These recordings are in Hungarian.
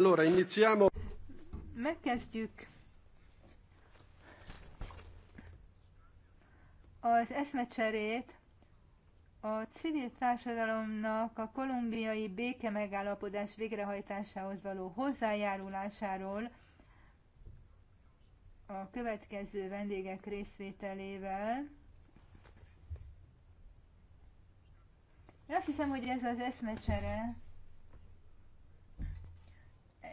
Allora, iniziamo. Megkezdjük az eszmecserét a civil társadalomnak a kolumbiai béke megállapodás végrehajtásához való hozzájárulásáról a következő vendégek részvételével. Én azt hiszem, hogy ez az eszmecsere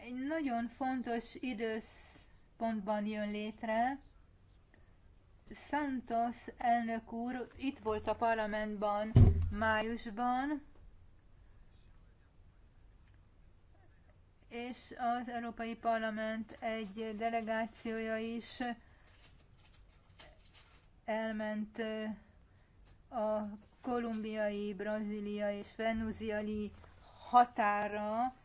egy nagyon fontos időpontban jön létre. Santos elnök úr itt volt a parlamentban májusban, és az Európai Parlament egy delegációja is elment a kolumbiai, braziliai és venezuelai határa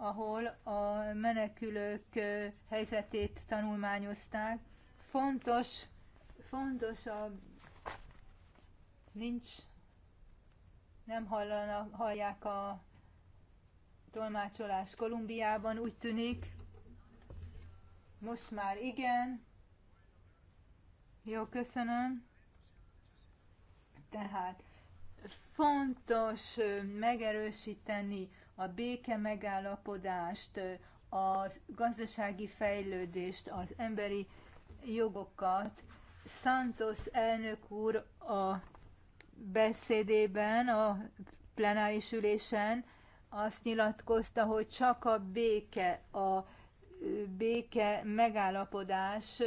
ahol a menekülők helyzetét tanulmányozták. Fontos, fontos a nincs, nem hallanak, hallják a tolmácsolás Kolumbiában, úgy tűnik. Most már igen. Jó, köszönöm. Tehát fontos megerősíteni a béke megállapodást, a gazdasági fejlődést, az emberi jogokat. Santos elnök úr a beszédében, a plenáris ülésen azt nyilatkozta, hogy csak a béke, a béke megállapodás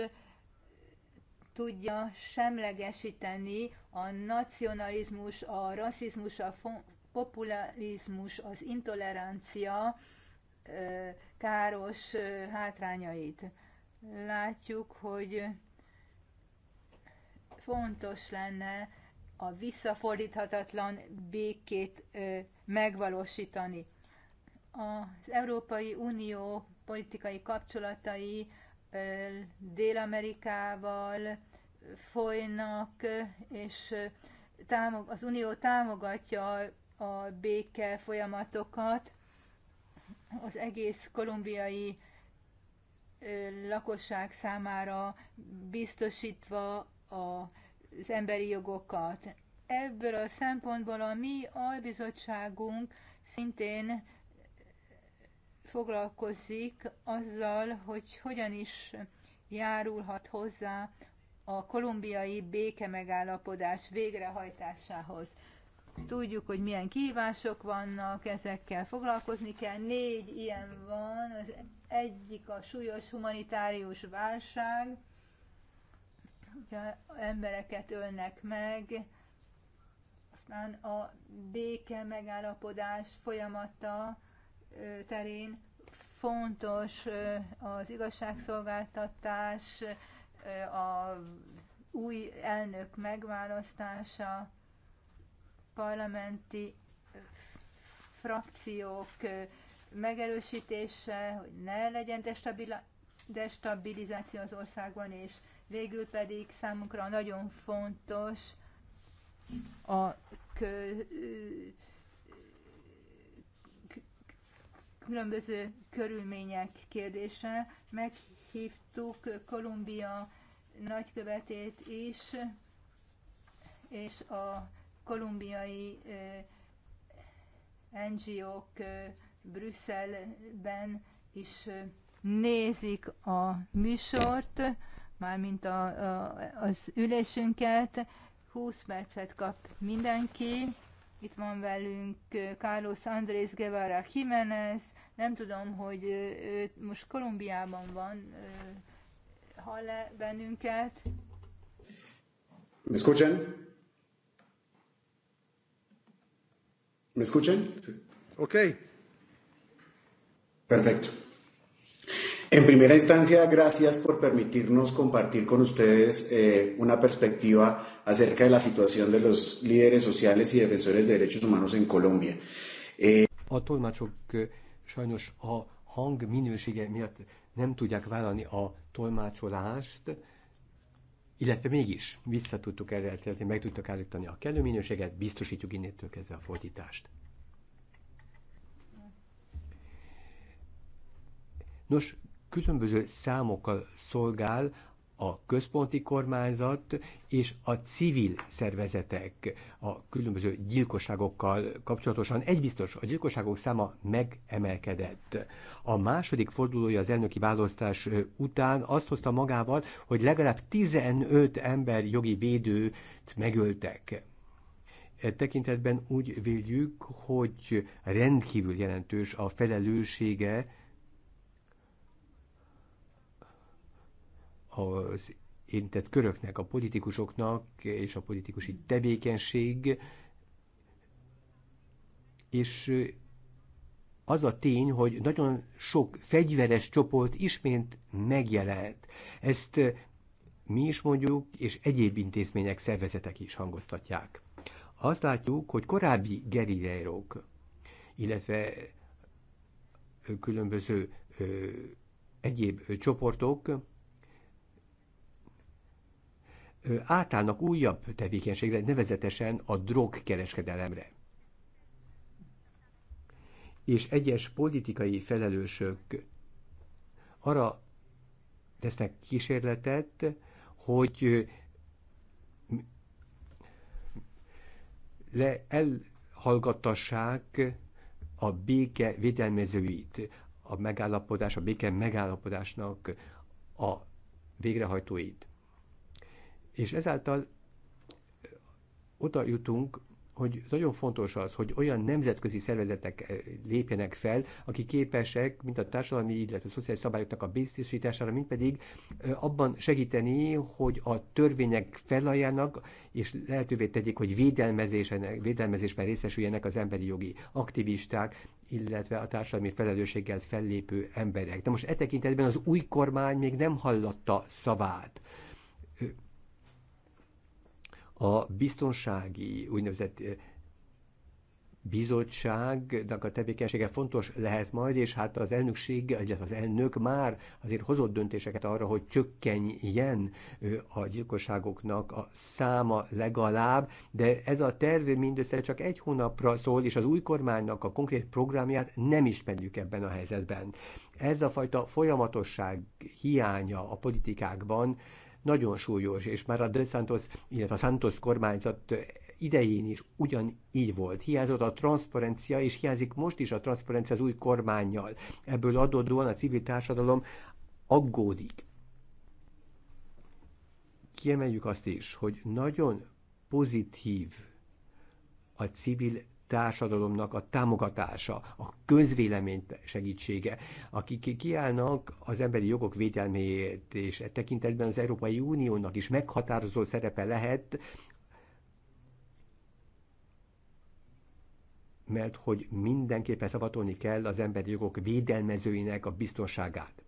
tudja semlegesíteni a nacionalizmus, a rasszizmus, a populizmus, az intolerancia káros hátrányait. Látjuk, hogy fontos lenne a visszafordíthatatlan békét megvalósítani. Az Európai Unió politikai kapcsolatai Dél-Amerikával folynak, és az Unió támogatja a béke folyamatokat. Az egész kolumbiai lakosság számára biztosítva az emberi jogokat. Ebből a szempontból a mi albizottságunk szintén foglalkozik azzal, hogy hogyan is járulhat hozzá a kolumbiai béke megállapodás végrehajtásához. Tudjuk, hogy milyen kihívások vannak, ezekkel foglalkozni kell. Négy ilyen van. Az egyik a súlyos humanitárius válság, hogyha embereket ölnek meg, aztán a béke megállapodás folyamata terén fontos az igazságszolgáltatás, a új elnök megválasztása, parlamenti frakciók megerősítése, hogy ne legyen destabilizáció az országban, és végül pedig számunkra nagyon fontos a kö, különböző körülmények kérdése. Meghívtuk Kolumbia nagykövetét is, és a kolumbiai NGO-k Brüsszelben is nézik a műsort, mármint a, a, az ülésünket. 20 percet kap mindenki. Itt van velünk Carlos Andrés Guevara Jiménez. Nem tudom, hogy ő most Kolumbiában van. Hall-e bennünket? Me escuchan? ¿Me escuchan? Sí. Ok. Perfecto. En primera instancia, gracias por permitirnos compartir con ustedes eh, una perspectiva acerca de la situación de los líderes sociales y defensores de derechos humanos en Colombia. Eh... A tolmácsok sajnos a hang minősége miatt nem tudják vállalni a tolmácsolást, illetve mégis vissza tudtuk elérni, meg tudtuk állítani a kellő minőséget, biztosítjuk innétől kezdve a fordítást. Nos, különböző számokkal szolgál a központi kormányzat és a civil szervezetek a különböző gyilkosságokkal kapcsolatosan. Egy biztos, a gyilkosságok száma megemelkedett. A második fordulója az elnöki választás után azt hozta magával, hogy legalább 15 ember jogi védőt megöltek. E tekintetben úgy véljük, hogy rendkívül jelentős a felelőssége az érintett köröknek, a politikusoknak és a politikusi tevékenység, és az a tény, hogy nagyon sok fegyveres csoport ismét megjelent. Ezt mi is mondjuk, és egyéb intézmények, szervezetek is hangoztatják. Azt látjuk, hogy korábbi gerillérok, illetve különböző ö, egyéb csoportok átállnak újabb tevékenységre, nevezetesen a drogkereskedelemre. És egyes politikai felelősök arra tesznek kísérletet, hogy le elhallgattassák a béke védelmezőit, a megállapodás, a béke megállapodásnak a végrehajtóit. És ezáltal oda jutunk, hogy nagyon fontos az, hogy olyan nemzetközi szervezetek lépjenek fel, akik képesek, mint a társadalmi, illetve a szociális szabályoknak a biztosítására, mint pedig abban segíteni, hogy a törvények felajának, és lehetővé tegyék, hogy védelmezésben részesüljenek az emberi jogi aktivisták, illetve a társadalmi felelősséggel fellépő emberek. De most e tekintetben az új kormány még nem hallotta szavát a biztonsági úgynevezett eh, bizottságnak a tevékenysége fontos lehet majd, és hát az elnökség, illetve az elnök már azért hozott döntéseket arra, hogy csökkenjen a gyilkosságoknak a száma legalább, de ez a terv mindössze csak egy hónapra szól, és az új kormánynak a konkrét programját nem ismerjük ebben a helyzetben. Ez a fajta folyamatosság hiánya a politikákban, nagyon súlyos, és már a De Santos, illetve a Santos kormányzat idején is ugyan így volt. Hiányzott a transzparencia, és hiányzik most is a transzparencia az új kormányjal. Ebből adódóan a civil társadalom aggódik. Kiemeljük azt is, hogy nagyon pozitív a civil társadalomnak a támogatása, a közvélemény segítsége, akik kiállnak az emberi jogok védelméért, és e tekintetben az Európai Uniónak is meghatározó szerepe lehet, mert hogy mindenképpen szavatolni kell az emberi jogok védelmezőinek a biztonságát.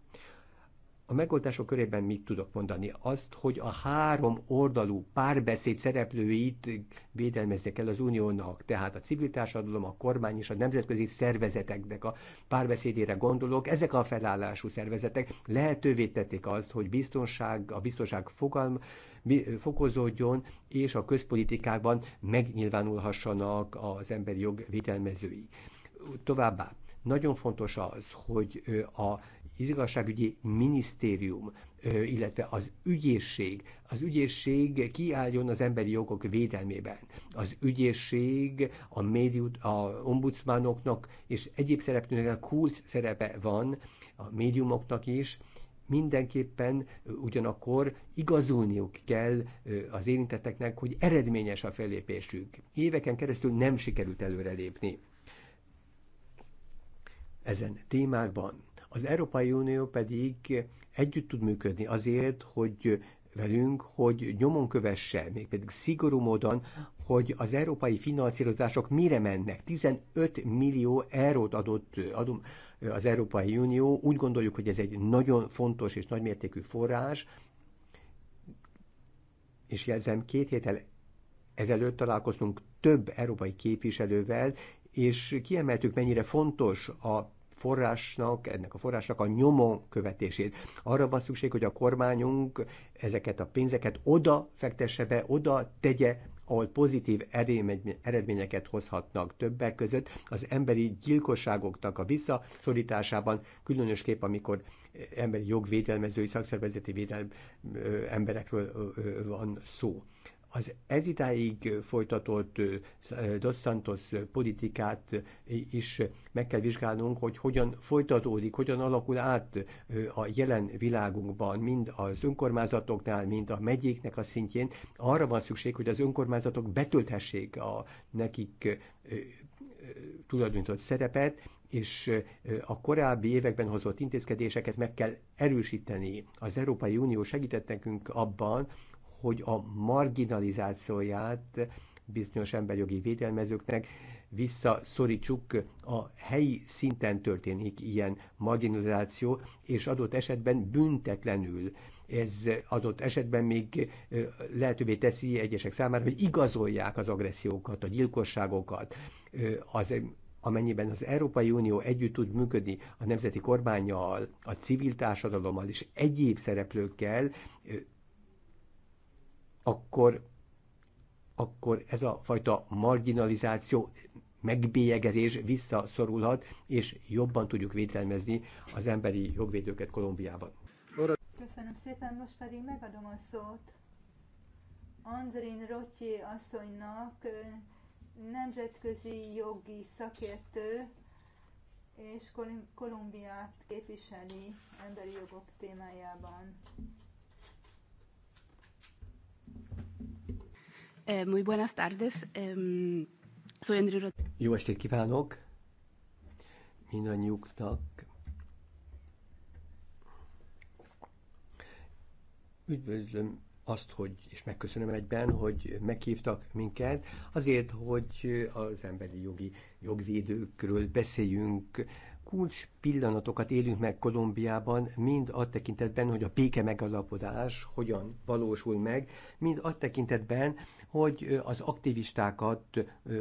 A megoldások körében mit tudok mondani? Azt, hogy a három oldalú párbeszéd szereplőit védelmezni kell az uniónak, tehát a civil társadalom, a kormány és a nemzetközi szervezeteknek a párbeszédére gondolok. Ezek a felállású szervezetek lehetővé tették azt, hogy biztonság, a biztonság fogalma, fokozódjon, és a közpolitikában megnyilvánulhassanak az emberi jog védelmezői. Továbbá, nagyon fontos az, hogy a igazságügyi minisztérium, illetve az ügyészség, az ügyészség kiálljon az emberi jogok védelmében. Az ügyészség a, médiut, a ombudsmanoknak és egyéb szereplőnek kult szerepe van, a médiumoknak is, mindenképpen ugyanakkor igazolniuk kell az érintetteknek, hogy eredményes a fellépésük. Éveken keresztül nem sikerült előrelépni ezen témákban. Az Európai Unió pedig együtt tud működni azért, hogy velünk, hogy nyomon kövesse, pedig szigorú módon, hogy az európai finanszírozások mire mennek. 15 millió eurót adott adom az Európai Unió. Úgy gondoljuk, hogy ez egy nagyon fontos és nagymértékű forrás, és jelzem, két héttel ezelőtt találkoztunk több európai képviselővel, és kiemeltük, mennyire fontos a forrásnak, ennek a forrásnak a nyomon követését. Arra van szükség, hogy a kormányunk ezeket a pénzeket oda fektesse be, oda tegye, ahol pozitív eredményeket hozhatnak többek között az emberi gyilkosságoknak a visszaszorításában, különösképp amikor emberi jogvédelmezői, szakszervezeti védelm emberekről van szó az eddig folytatott Dos Santos politikát is meg kell vizsgálnunk, hogy hogyan folytatódik, hogyan alakul át a jelen világunkban, mind az önkormányzatoknál, mind a megyéknek a szintjén. Arra van szükség, hogy az önkormányzatok betölthessék a nekik tulajdonított szerepet, és a korábbi években hozott intézkedéseket meg kell erősíteni. Az Európai Unió segített nekünk abban, hogy a marginalizációját bizonyos emberjogi védelmezőknek visszaszorítsuk, a helyi szinten történik ilyen marginalizáció, és adott esetben büntetlenül. Ez adott esetben még lehetővé teszi egyesek számára, hogy igazolják az agressziókat, a gyilkosságokat, az amennyiben az Európai Unió együtt tud működni a nemzeti kormányjal, a civil társadalommal és egyéb szereplőkkel, akkor, akkor ez a fajta marginalizáció megbélyegezés visszaszorulhat, és jobban tudjuk védelmezni az emberi jogvédőket Kolumbiában. Köszönöm szépen, most pedig megadom a szót Andrin Rotyi asszonynak, nemzetközi jogi szakértő, és Kolumbiát képviseli emberi jogok témájában. Eh, muy buenas tardes. soy Andrew Jó estét kívánok mindannyiuknak. Üdvözlöm azt, hogy, és megköszönöm egyben, hogy meghívtak minket, azért, hogy az emberi jogi jogvédőkről beszéljünk, kulcs pillanatokat élünk meg Kolumbiában, mind a tekintetben, hogy a béke megalapodás hogyan valósul meg, mind a tekintetben, hogy az aktivistákat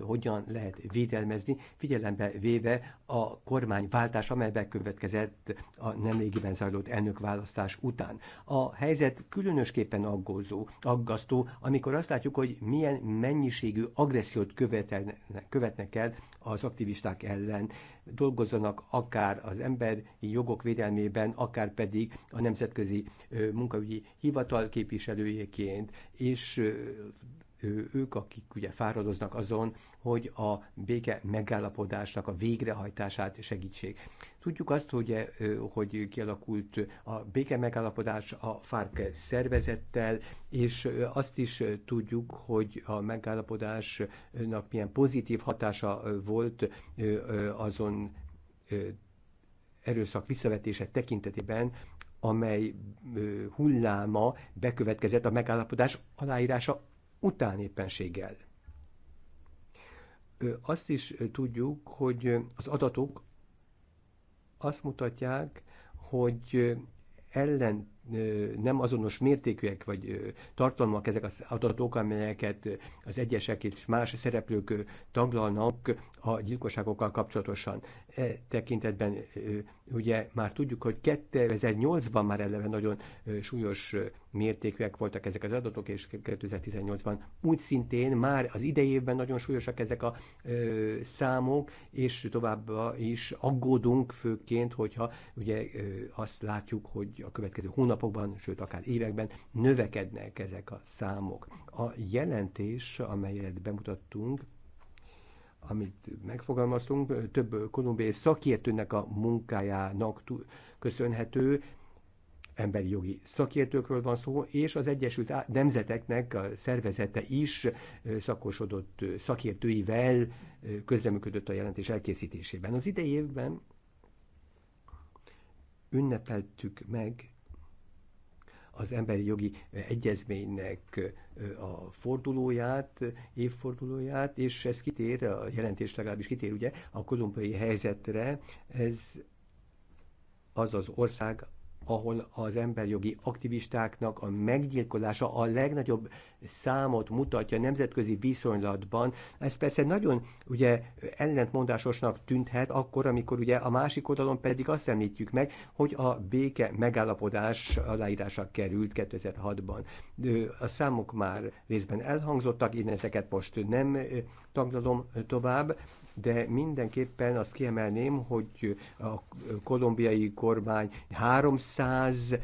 hogyan lehet védelmezni, figyelembe véve a kormányváltás, amely bekövetkezett a nemrégiben zajlott elnökválasztás után. A helyzet különösképpen aggózó, aggasztó, amikor azt látjuk, hogy milyen mennyiségű agressziót követnek el az aktivisták ellen dolgozzanak akár az emberi jogok védelmében, akár pedig a Nemzetközi Munkaügyi Hivatal képviselőjeként, és ők, akik ugye fáradoznak azon, hogy a béke megállapodásnak a végrehajtását segítség. Tudjuk azt, hogy, hogy kialakult a béke megállapodás a FARC szervezettel, és azt is tudjuk, hogy a megállapodásnak milyen pozitív hatása volt azon erőszak visszavetése tekintetében, amely hulláma bekövetkezett a megállapodás aláírása utánéppenséggel. Azt is tudjuk, hogy az adatok azt mutatják, hogy ellen nem azonos mértékűek vagy tartalmak ezek az adatok, amelyeket az egyesek és más szereplők taglalnak a gyilkosságokkal kapcsolatosan. E tekintetben ugye már tudjuk, hogy 2008-ban már eleve nagyon súlyos mértékűek voltak ezek az adatok, és 2018-ban úgy szintén már az idejében nagyon súlyosak ezek a ö, számok, és továbbá is aggódunk főként, hogyha ugye ö, azt látjuk, hogy a következő hónapokban, sőt akár években növekednek ezek a számok. A jelentés, amelyet bemutattunk, amit megfogalmaztunk, több kolumbiai szakértőnek a munkájának köszönhető, emberi jogi szakértőkről van szó, és az Egyesült Nemzeteknek a szervezete is szakosodott szakértőivel közreműködött a jelentés elkészítésében. Az idei évben ünnepeltük meg az emberi jogi egyezménynek a fordulóját, évfordulóját, és ez kitér, a jelentés legalábbis kitér ugye a kolumbiai helyzetre, ez az az ország, ahol az emberjogi aktivistáknak a meggyilkolása a legnagyobb számot mutatja nemzetközi viszonylatban. Ez persze nagyon ugye ellentmondásosnak tűnhet akkor, amikor ugye a másik oldalon pedig azt említjük meg, hogy a béke megállapodás aláírása került 2006-ban. A számok már részben elhangzottak, én ezeket most nem taglalom tovább, de mindenképpen azt kiemelném, hogy a kolumbiai kormány 300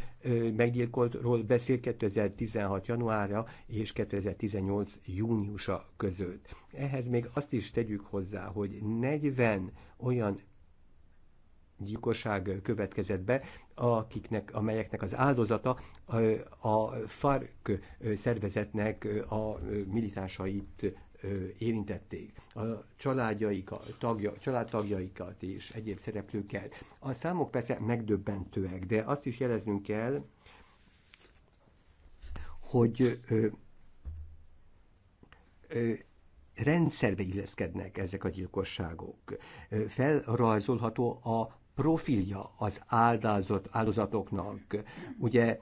meggyilkoltról beszél 2016. januárja és 2018. júniusa között. Ehhez még azt is tegyük hozzá, hogy 40 olyan gyilkosság következett be, akiknek, amelyeknek az áldozata a FARC szervezetnek a militánsait érintették, a a tagja, családtagjaikat és egyéb szereplőket. A számok persze megdöbbentőek, de azt is jeleznünk kell, hogy ö, ö, rendszerbe illeszkednek ezek a gyilkosságok. Felrajzolható a profilja az áldázott áldozatoknak. Ugye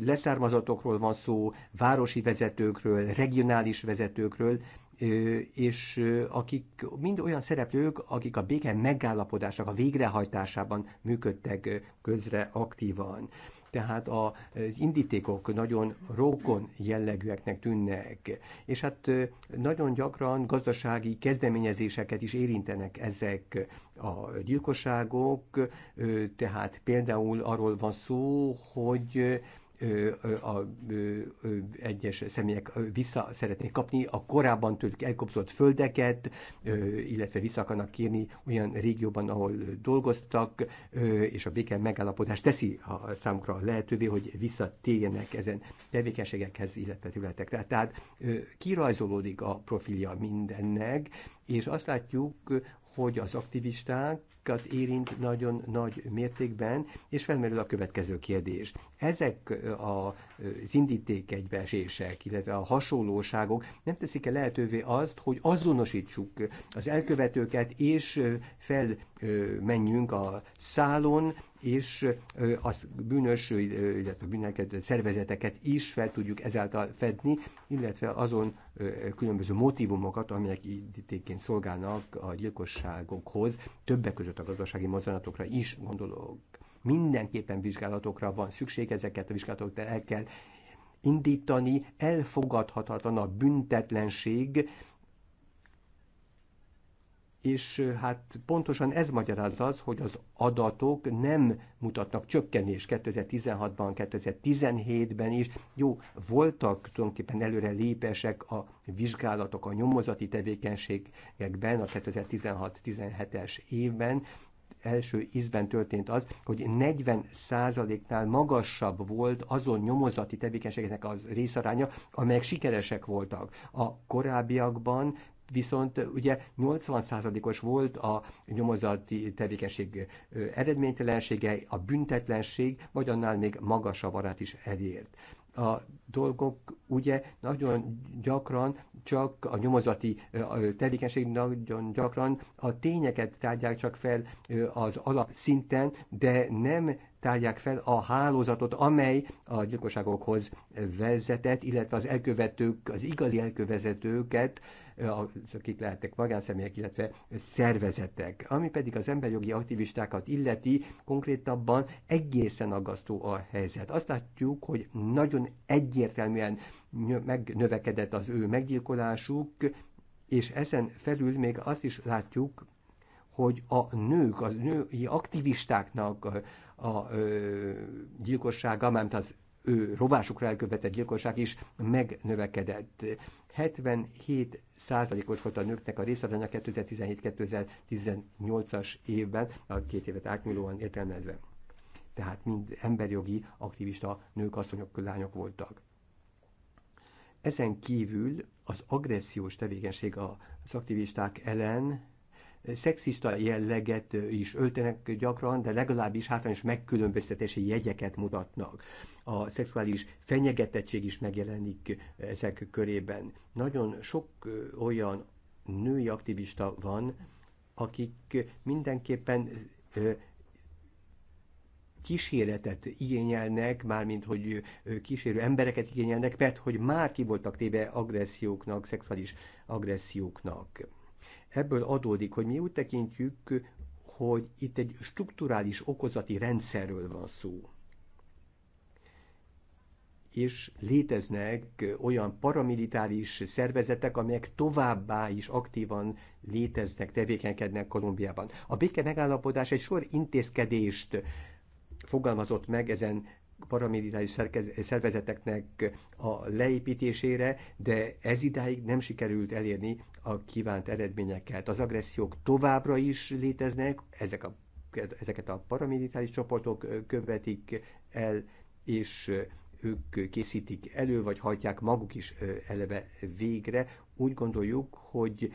leszármazatokról van szó, városi vezetőkről, regionális vezetőkről, és akik mind olyan szereplők, akik a béke megállapodásnak a végrehajtásában működtek közre aktívan tehát az indítékok nagyon rokon jellegűeknek tűnnek, és hát nagyon gyakran gazdasági kezdeményezéseket is érintenek ezek a gyilkosságok, tehát például arról van szó, hogy a egyes személyek vissza szeretnék kapni a korábban tőlük elkobzott földeket, illetve vissza akarnak kérni olyan régióban, ahol dolgoztak, és a béke megállapodás teszi a számukra lehetővé, hogy visszatérjenek ezen tevékenységekhez, illetve területekre. Tehát kirajzolódik a profilja mindennek, és azt látjuk, hogy az aktivisták minket érint nagyon nagy mértékben, és felmerül a következő kérdés. Ezek az indíték egybeesések, illetve a hasonlóságok nem teszik-e lehetővé azt, hogy azonosítsuk az elkövetőket, és felmenjünk a szálon, és a bűnös, illetve bűnöket szervezeteket is fel tudjuk ezáltal fedni, illetve azon különböző motivumokat, amelyek indítéként szolgálnak a gyilkosságokhoz, többek között sőt a gazdasági mozzanatokra is gondolok. Mindenképpen vizsgálatokra van szükség, ezeket a vizsgálatokat el kell indítani, elfogadhatatlan a büntetlenség, és hát pontosan ez magyarázza az, hogy az adatok nem mutatnak csökkenés 2016-ban, 2017-ben is. Jó, voltak tulajdonképpen előre lépesek a vizsgálatok, a nyomozati tevékenységekben a 2016-17-es évben, első ízben történt az, hogy 40%-nál magasabb volt azon nyomozati tevékenységeknek az részaránya, amelyek sikeresek voltak. A korábbiakban viszont ugye 80%-os volt a nyomozati tevékenység eredménytelensége, a büntetlenség, vagy annál még magasabb arát is elért a dolgok ugye nagyon gyakran csak a nyomozati tevékenység nagyon gyakran a tényeket tárgyák csak fel az alapszinten, de nem tárják fel a hálózatot, amely a gyilkosságokhoz vezetett, illetve az elkövetők, az igazi elkövetőket akik lehettek magánszemélyek, illetve szervezetek. Ami pedig az emberjogi aktivistákat illeti, konkrétabban egészen aggasztó a helyzet. Azt látjuk, hogy nagyon egyértelműen megnövekedett az ő meggyilkolásuk, és ezen felül még azt is látjuk, hogy a nők, a női aktivistáknak a, a a gyilkossága, mert az ő rovásukra elkövetett gyilkosság is megnövekedett. 77 százalékos volt a nőknek a részaránya 2017-2018-as évben, a két évet átnyúlóan értelmezve. Tehát mind emberjogi aktivista nők, asszonyok, lányok voltak. Ezen kívül az agressziós tevékenység az aktivisták ellen szexista jelleget is öltenek gyakran, de legalábbis hátrányos megkülönböztetési jegyeket mutatnak. A szexuális fenyegetettség is megjelenik ezek körében. Nagyon sok olyan női aktivista van, akik mindenképpen kíséretet igényelnek, mármint hogy kísérő embereket igényelnek, mert hogy már ki voltak téve agresszióknak, szexuális agresszióknak. Ebből adódik, hogy mi úgy tekintjük, hogy itt egy strukturális okozati rendszerről van szó. És léteznek olyan paramilitáris szervezetek, amelyek továbbá is aktívan léteznek, tevékenykednek Kolumbiában. A béke megállapodás egy sor intézkedést fogalmazott meg ezen paramilitáris szervezeteknek a leépítésére, de ez idáig nem sikerült elérni a kívánt eredményeket. Az agressziók továbbra is léteznek, ezek a, ezeket a paramilitáris csoportok követik el, és ők készítik elő, vagy hajtják maguk is eleve végre. Úgy gondoljuk, hogy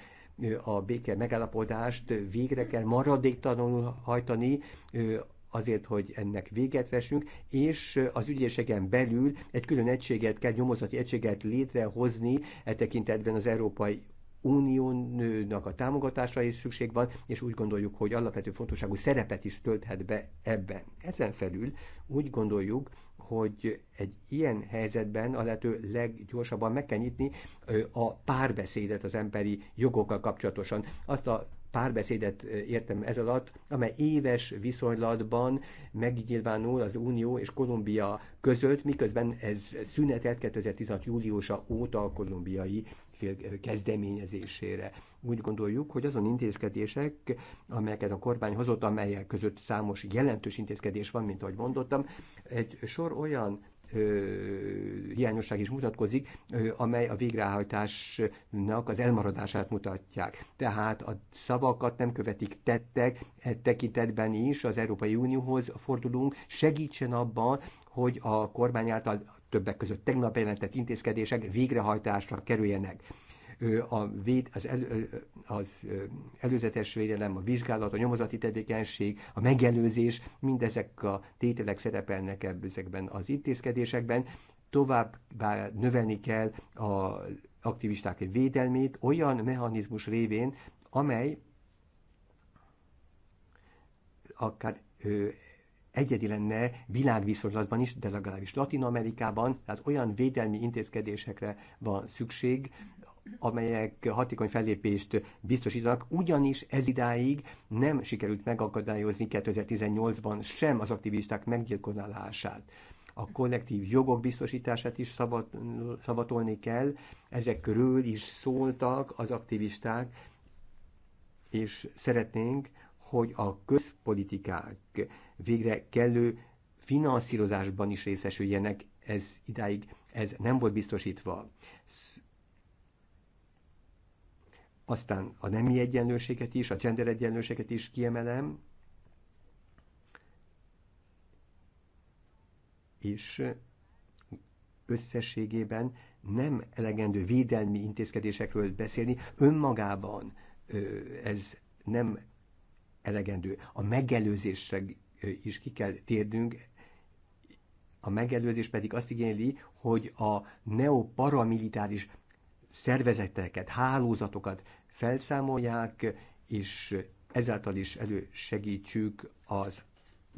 a béke megállapodást végre kell maradéktalanul hajtani, azért, hogy ennek véget vessünk, és az ügyészségen belül egy külön egységet kell, nyomozati egységet létrehozni e tekintetben az Európai Uniónak a támogatásra is szükség van, és úgy gondoljuk, hogy alapvető fontosságú szerepet is tölthet be ebben. Ezen felül úgy gondoljuk, hogy egy ilyen helyzetben a lehető leggyorsabban meg kell nyitni a párbeszédet az emberi jogokkal kapcsolatosan. Azt a párbeszédet értem ez alatt, amely éves viszonylatban megnyilvánul az Unió és Kolumbia között, miközben ez szünetelt 2016. júliusa óta a kolumbiai kezdeményezésére. Úgy gondoljuk, hogy azon intézkedések, amelyeket a kormány hozott, amelyek között számos jelentős intézkedés van, mint ahogy mondottam, egy sor olyan hiányosság is mutatkozik, amely a végrehajtásnak az elmaradását mutatják. Tehát a szavakat nem követik tettek, e tekintetben is az Európai Unióhoz fordulunk, segítsen abban, hogy a kormány által többek között tegnap jelentett intézkedések végrehajtásra kerüljenek a véd, az, elő, az előzetes védelem, a vizsgálat, a nyomozati tevékenység, a megelőzés, mindezek a tételek szerepelnek ezekben az intézkedésekben. Továbbá növelni kell az aktivisták védelmét olyan mechanizmus révén, amely akár egyedi lenne világviszonylatban is, de legalábbis Latin Amerikában, tehát olyan védelmi intézkedésekre van szükség, amelyek hatékony fellépést biztosítanak, ugyanis ez idáig nem sikerült megakadályozni 2018-ban sem az aktivisták meggyilkolását. A kollektív jogok biztosítását is szavat, szavatolni kell, ezek körül is szóltak az aktivisták, és szeretnénk, hogy a közpolitikák végre kellő finanszírozásban is részesüljenek, ez idáig ez nem volt biztosítva. Aztán a nemi egyenlőséget is, a gender egyenlőséget is kiemelem, és összességében nem elegendő védelmi intézkedésekről beszélni önmagában. Ez nem elegendő. A megelőzésre is ki kell térnünk, a megelőzés pedig azt igényli, hogy a neoparamilitáris szervezeteket, hálózatokat felszámolják, és ezáltal is elősegítsük az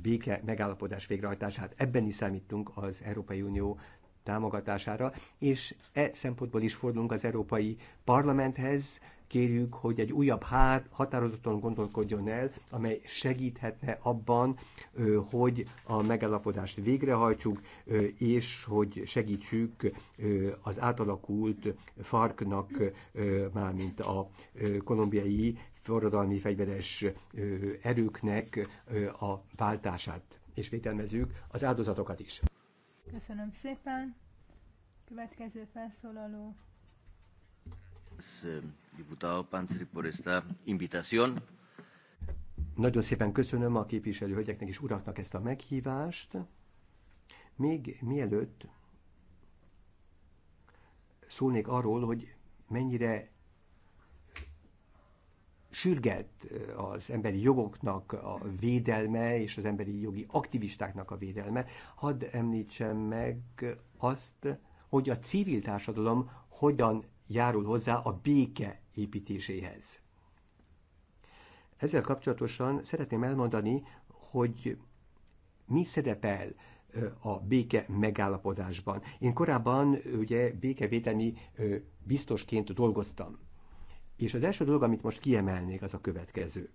béke megállapodás végrehajtását. Ebben is számítunk az Európai Unió támogatására, és e szempontból is fordulunk az Európai Parlamenthez, kérjük, hogy egy újabb hát határozottan gondolkodjon el, amely segíthetne abban, hogy a megállapodást végrehajtsuk, és hogy segítsük az átalakult farknak, mármint a kolumbiai forradalmi fegyveres erőknek a váltását, és vételmezzük az áldozatokat is. Köszönöm szépen! Következő felszólaló Eh, diputado Panceri por esta invitación. Nagyon szépen köszönöm a képviselő hölgyeknek és uraknak ezt a meghívást. Még mielőtt szólnék arról, hogy mennyire sürget az emberi jogoknak a védelme és az emberi jogi aktivistáknak a védelme, hadd említsem meg azt, hogy a civil társadalom hogyan járul hozzá a béke építéséhez. Ezzel kapcsolatosan szeretném elmondani, hogy mi szerepel a béke megállapodásban. Én korábban ugye békevédelmi biztosként dolgoztam. És az első dolog, amit most kiemelnék, az a következő.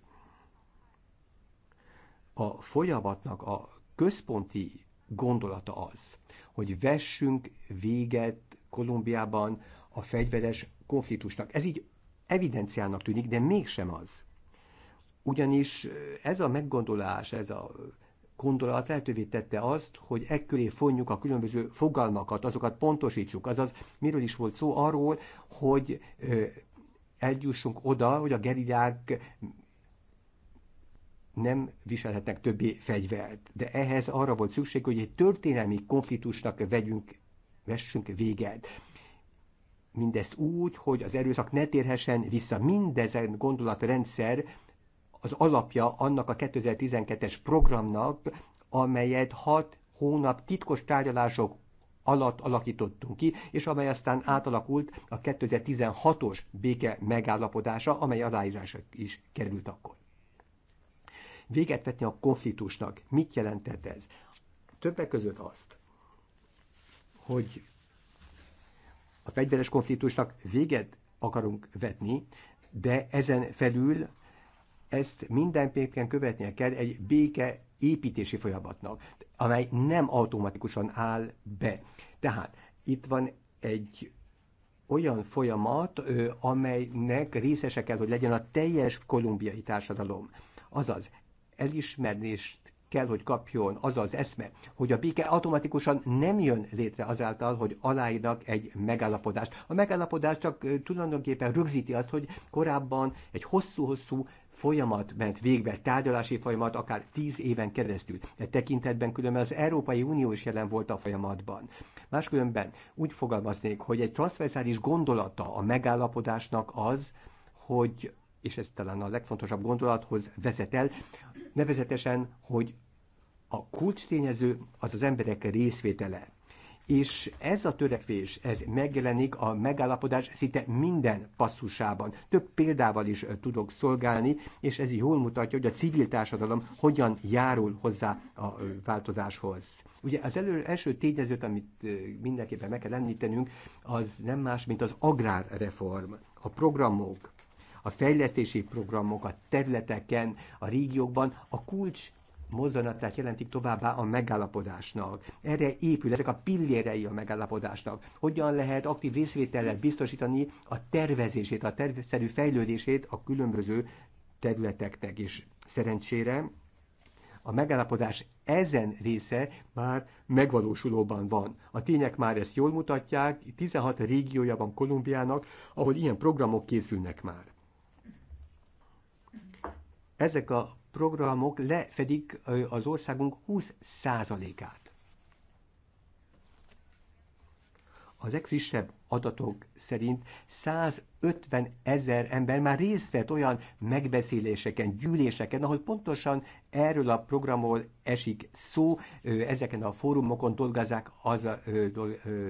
A folyamatnak a központi gondolata az, hogy vessünk véget Kolumbiában a fegyveres konfliktusnak. Ez így evidenciának tűnik, de mégsem az. Ugyanis ez a meggondolás, ez a gondolat lehetővé tette azt, hogy ekkülé fonjuk a különböző fogalmakat, azokat pontosítsuk. Azaz, miről is volt szó arról, hogy eljussunk oda, hogy a gerillák nem viselhetnek többi fegyvert. De ehhez arra volt szükség, hogy egy történelmi konfliktusnak vegyünk, vessünk véget mindezt úgy, hogy az erőszak ne térhessen vissza. Mindezen gondolatrendszer az alapja annak a 2012-es programnak, amelyet hat hónap titkos tárgyalások alatt alakítottunk ki, és amely aztán átalakult a 2016-os béke megállapodása, amely aláírása is került akkor. Véget vetni a konfliktusnak. Mit jelentett ez? Többek között azt, hogy a fegyveres konfliktusnak véget akarunk vetni, de ezen felül ezt mindenképpen követnie kell egy béke építési folyamatnak, amely nem automatikusan áll be. Tehát itt van egy olyan folyamat, amelynek részese kell, hogy legyen a teljes kolumbiai társadalom. Azaz, elismerni és kell, hogy kapjon az az eszme, hogy a béke automatikusan nem jön létre azáltal, hogy aláírnak egy megállapodást. A megállapodás csak tulajdonképpen rögzíti azt, hogy korábban egy hosszú-hosszú folyamat ment végbe, tárgyalási folyamat akár tíz éven keresztül. De tekintetben különben az Európai Unió is jelen volt a folyamatban. Máskülönben úgy fogalmaznék, hogy egy transzverzális gondolata a megállapodásnak az, hogy és ez talán a legfontosabb gondolathoz vezet el, nevezetesen, hogy a kulcs tényező az az emberek részvétele. És ez a törekvés, ez megjelenik a megállapodás szinte minden passzusában. Több példával is tudok szolgálni, és ez jól mutatja, hogy a civil társadalom hogyan járul hozzá a változáshoz. Ugye az elő, első tényezőt, amit mindenképpen meg kell említenünk, az nem más, mint az agrárreform, a programok, a fejlesztési programok a területeken, a régiókban a kulcs mozzanatát jelentik továbbá a megállapodásnak. Erre épül ezek a pillérei a megállapodásnak. Hogyan lehet aktív részvétellel biztosítani a tervezését, a tervszerű fejlődését a különböző területeknek. És szerencsére a megállapodás ezen része már megvalósulóban van. A tények már ezt jól mutatják, 16 régiója van Kolumbiának, ahol ilyen programok készülnek már ezek a programok lefedik az országunk 20%-át. A legfrissebb adatok szerint 150 ezer ember már részt vett olyan megbeszéléseken, gyűléseken, ahol pontosan erről a programról esik szó, ezeken a fórumokon dolgozzák, az,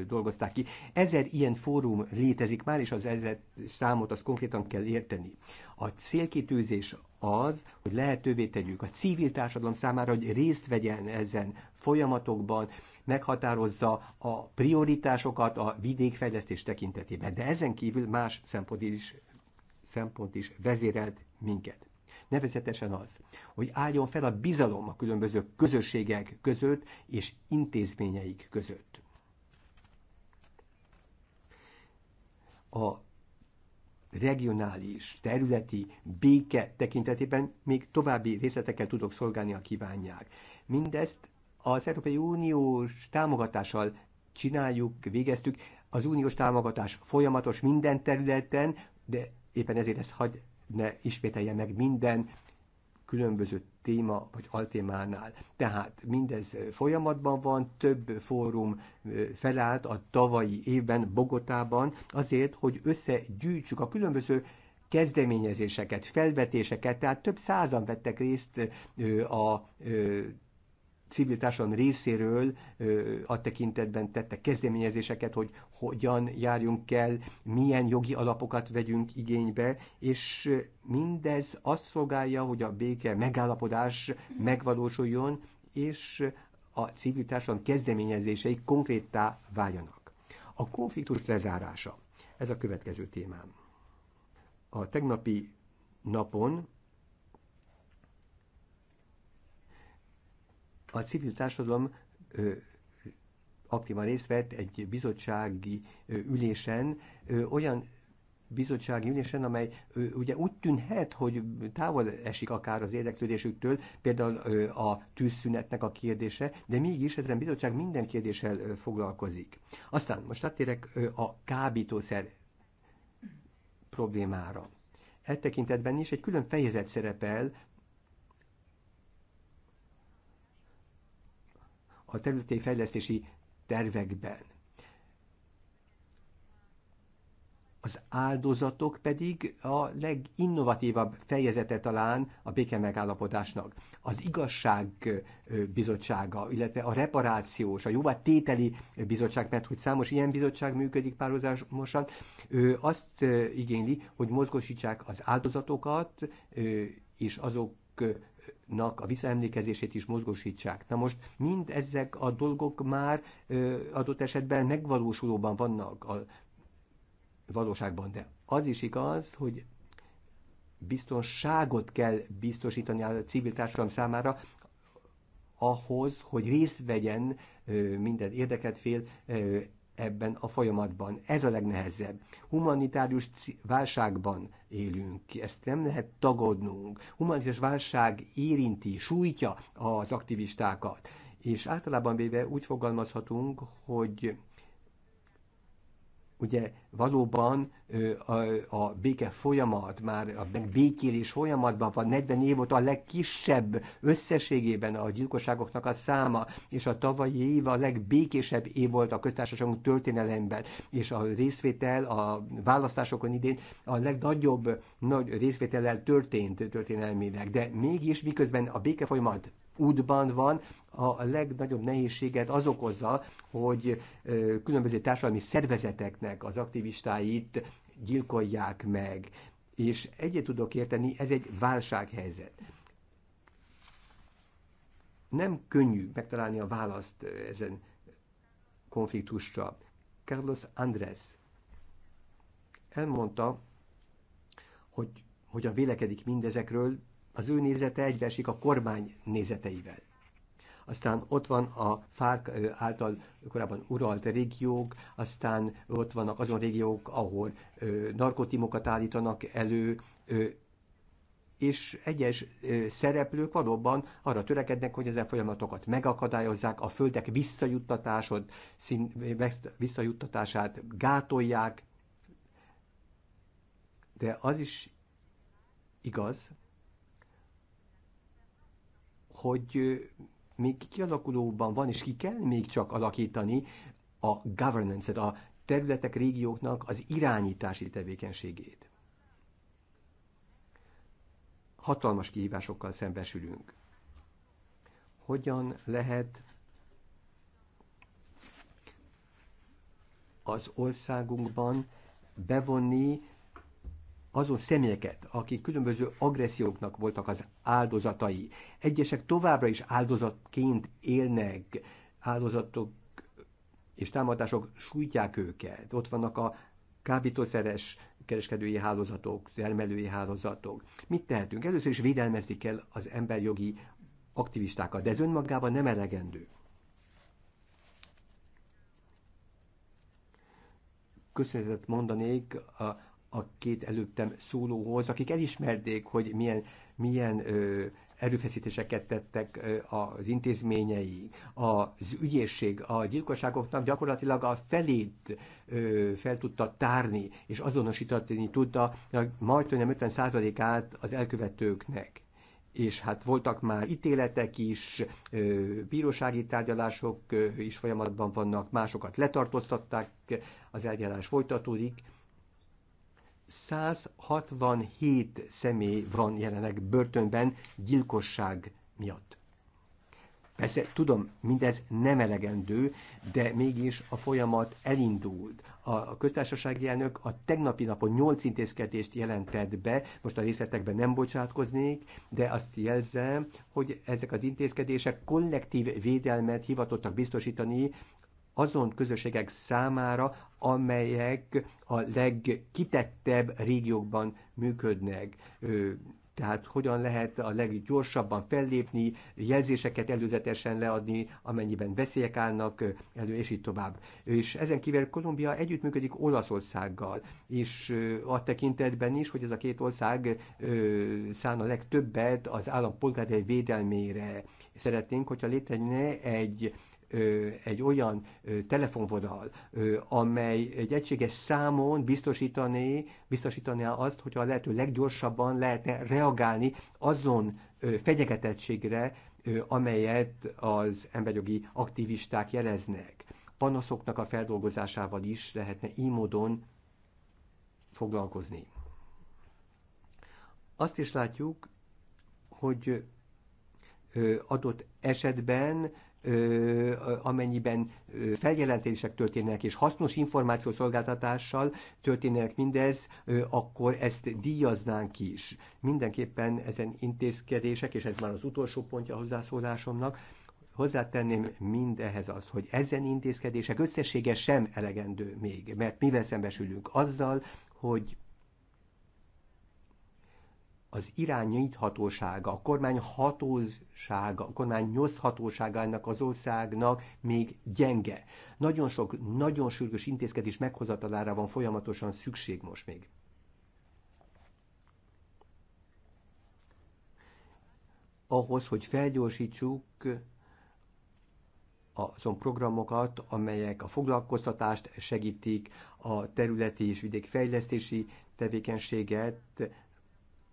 dolgozták ki. Ezer ilyen fórum létezik már, és az ezer számot az konkrétan kell érteni. A célkitűzés az, hogy lehetővé tegyük a civil társadalom számára, hogy részt vegyen ezen folyamatokban, meghatározza a prioritásokat a vidékfejlesztés tekintetében. De ezen kívül más szempont is, szempont is vezérelt minket. Nevezetesen az, hogy álljon fel a bizalom a különböző közösségek között és intézményeik között. A regionális, területi béke tekintetében még további részleteket tudok szolgálni, ha kívánják. Mindezt az Európai Uniós támogatással csináljuk, végeztük. Az uniós támogatás folyamatos minden területen, de éppen ezért ezt hagyd ne ismételje meg minden különböző téma vagy altémánál. Tehát mindez folyamatban van, több fórum felállt a tavalyi évben Bogotában azért, hogy összegyűjtsük a különböző kezdeményezéseket, felvetéseket, tehát több százan vettek részt a civil társadalom részéről a tekintetben tette kezdeményezéseket, hogy hogyan járjunk el, milyen jogi alapokat vegyünk igénybe, és mindez azt szolgálja, hogy a béke megállapodás megvalósuljon, és a civil társadalom kezdeményezései konkrétá váljanak. A konfliktus lezárása. Ez a következő témám. A tegnapi napon A civil társadalom aktívan részt vett egy bizottsági ülésen, olyan bizottsági ülésen, amely ugye úgy tűnhet, hogy távol esik akár az érdeklődésüktől, például a tűzszünetnek a kérdése, de mégis ezen bizottság minden kérdéssel foglalkozik. Aztán most áttérek a kábítószer problémára. E tekintetben is egy külön fejezet szerepel a területi fejlesztési tervekben. Az áldozatok pedig a leginnovatívabb fejezete talán a béke megállapodásnak. Az igazság bizottsága, illetve a reparációs, a jóvá tételi bizottság, mert hogy számos ilyen bizottság működik párhuzamosan, azt igényli, hogy mozgosítsák az áldozatokat és azok nak a visszaemlékezését is mozgósítsák. Na most mind ezek a dolgok már adott esetben megvalósulóban vannak a valóságban, de az is igaz, hogy biztonságot kell biztosítani a civil társadalom számára, ahhoz, hogy részt vegyen minden érdeket fél ebben a folyamatban. Ez a legnehezebb. Humanitárius válságban élünk, ezt nem lehet tagadnunk. Humanitárius válság érinti, sújtja az aktivistákat. És általában véve úgy fogalmazhatunk, hogy ugye valóban a, a béke folyamat, már a békélés folyamatban van 40 év óta a legkisebb összességében a gyilkosságoknak a száma, és a tavalyi év a legbékésebb év volt a köztársaságunk történelemben, és a részvétel a választásokon idén a legnagyobb nagy részvétellel történt történelmileg, de mégis miközben a béke folyamat útban van, a legnagyobb nehézséget az okozza, hogy különböző társadalmi szervezeteknek az aktivistáit gyilkolják meg. És egyet tudok érteni, ez egy válsághelyzet. Nem könnyű megtalálni a választ ezen konfliktusra. Carlos Andrés elmondta, hogy hogyan vélekedik mindezekről, az ő nézete egybeesik a kormány nézeteivel. Aztán ott van a fák által korábban uralt régiók, aztán ott vannak azon régiók, ahol narkotimokat állítanak elő, és egyes szereplők valóban arra törekednek, hogy ezen folyamatokat megakadályozzák, a földek visszajuttatásod, szín, visszajuttatását gátolják, de az is igaz, hogy még kialakulóban van, és ki kell még csak alakítani a governance-et, a területek, régióknak az irányítási tevékenységét. Hatalmas kihívásokkal szembesülünk. Hogyan lehet az országunkban bevonni azon személyeket, akik különböző agresszióknak voltak az áldozatai. Egyesek továbbra is áldozatként élnek, áldozatok és támadások sújtják őket. Ott vannak a kábítószeres kereskedői hálózatok, termelői hálózatok. Mit tehetünk? Először is védelmezni kell az emberjogi aktivistákat, de ez önmagában nem elegendő. Köszönetet mondanék a a két előttem szólóhoz, akik elismerték, hogy milyen, milyen ö, erőfeszítéseket tettek az intézményei, az ügyészség, a gyilkosságoknak gyakorlatilag a felét fel tudta tárni, és azonosítani tudta majdnem 50%-át az elkövetőknek. És hát voltak már ítéletek is, bírósági tárgyalások is folyamatban vannak, másokat letartóztatták, az eljárás folytatódik, 167 személy van jelenleg börtönben gyilkosság miatt. Persze tudom, mindez nem elegendő, de mégis a folyamat elindult. A köztársasági elnök a tegnapi napon 8 intézkedést jelentett be, most a részletekben nem bocsátkoznék, de azt jelzem, hogy ezek az intézkedések kollektív védelmet hivatottak biztosítani azon közösségek számára, amelyek a legkitettebb régiókban működnek. Tehát hogyan lehet a leggyorsabban fellépni, jelzéseket előzetesen leadni, amennyiben veszélyek állnak elő, és így tovább. És ezen kívül Kolumbia együttműködik Olaszországgal, és a tekintetben is, hogy ez a két ország szán a legtöbbet az állampolgárai védelmére. Szeretnénk, hogyha létrejönne egy egy olyan telefonvonal, amely egy egységes számon biztosítani, biztosítani azt, hogyha a lehető leggyorsabban lehetne reagálni azon fenyegetettségre, amelyet az emberjogi aktivisták jeleznek. Panaszoknak a feldolgozásával is lehetne így módon foglalkozni. Azt is látjuk, hogy adott esetben amennyiben feljelentések történnek, és hasznos információ szolgáltatással történnek mindez, akkor ezt díjaznánk is. Mindenképpen ezen intézkedések, és ez már az utolsó pontja a hozzászólásomnak, hozzátenném mindehhez azt, hogy ezen intézkedések összessége sem elegendő még, mert mivel szembesülünk azzal, hogy az irányíthatósága, a kormány hatósága, a kormány nyozhatóságának az országnak még gyenge. Nagyon sok, nagyon sürgős intézkedés meghozatalára van folyamatosan szükség most még. Ahhoz, hogy felgyorsítsuk azon programokat, amelyek a foglalkoztatást segítik, a területi és vidékfejlesztési tevékenységet,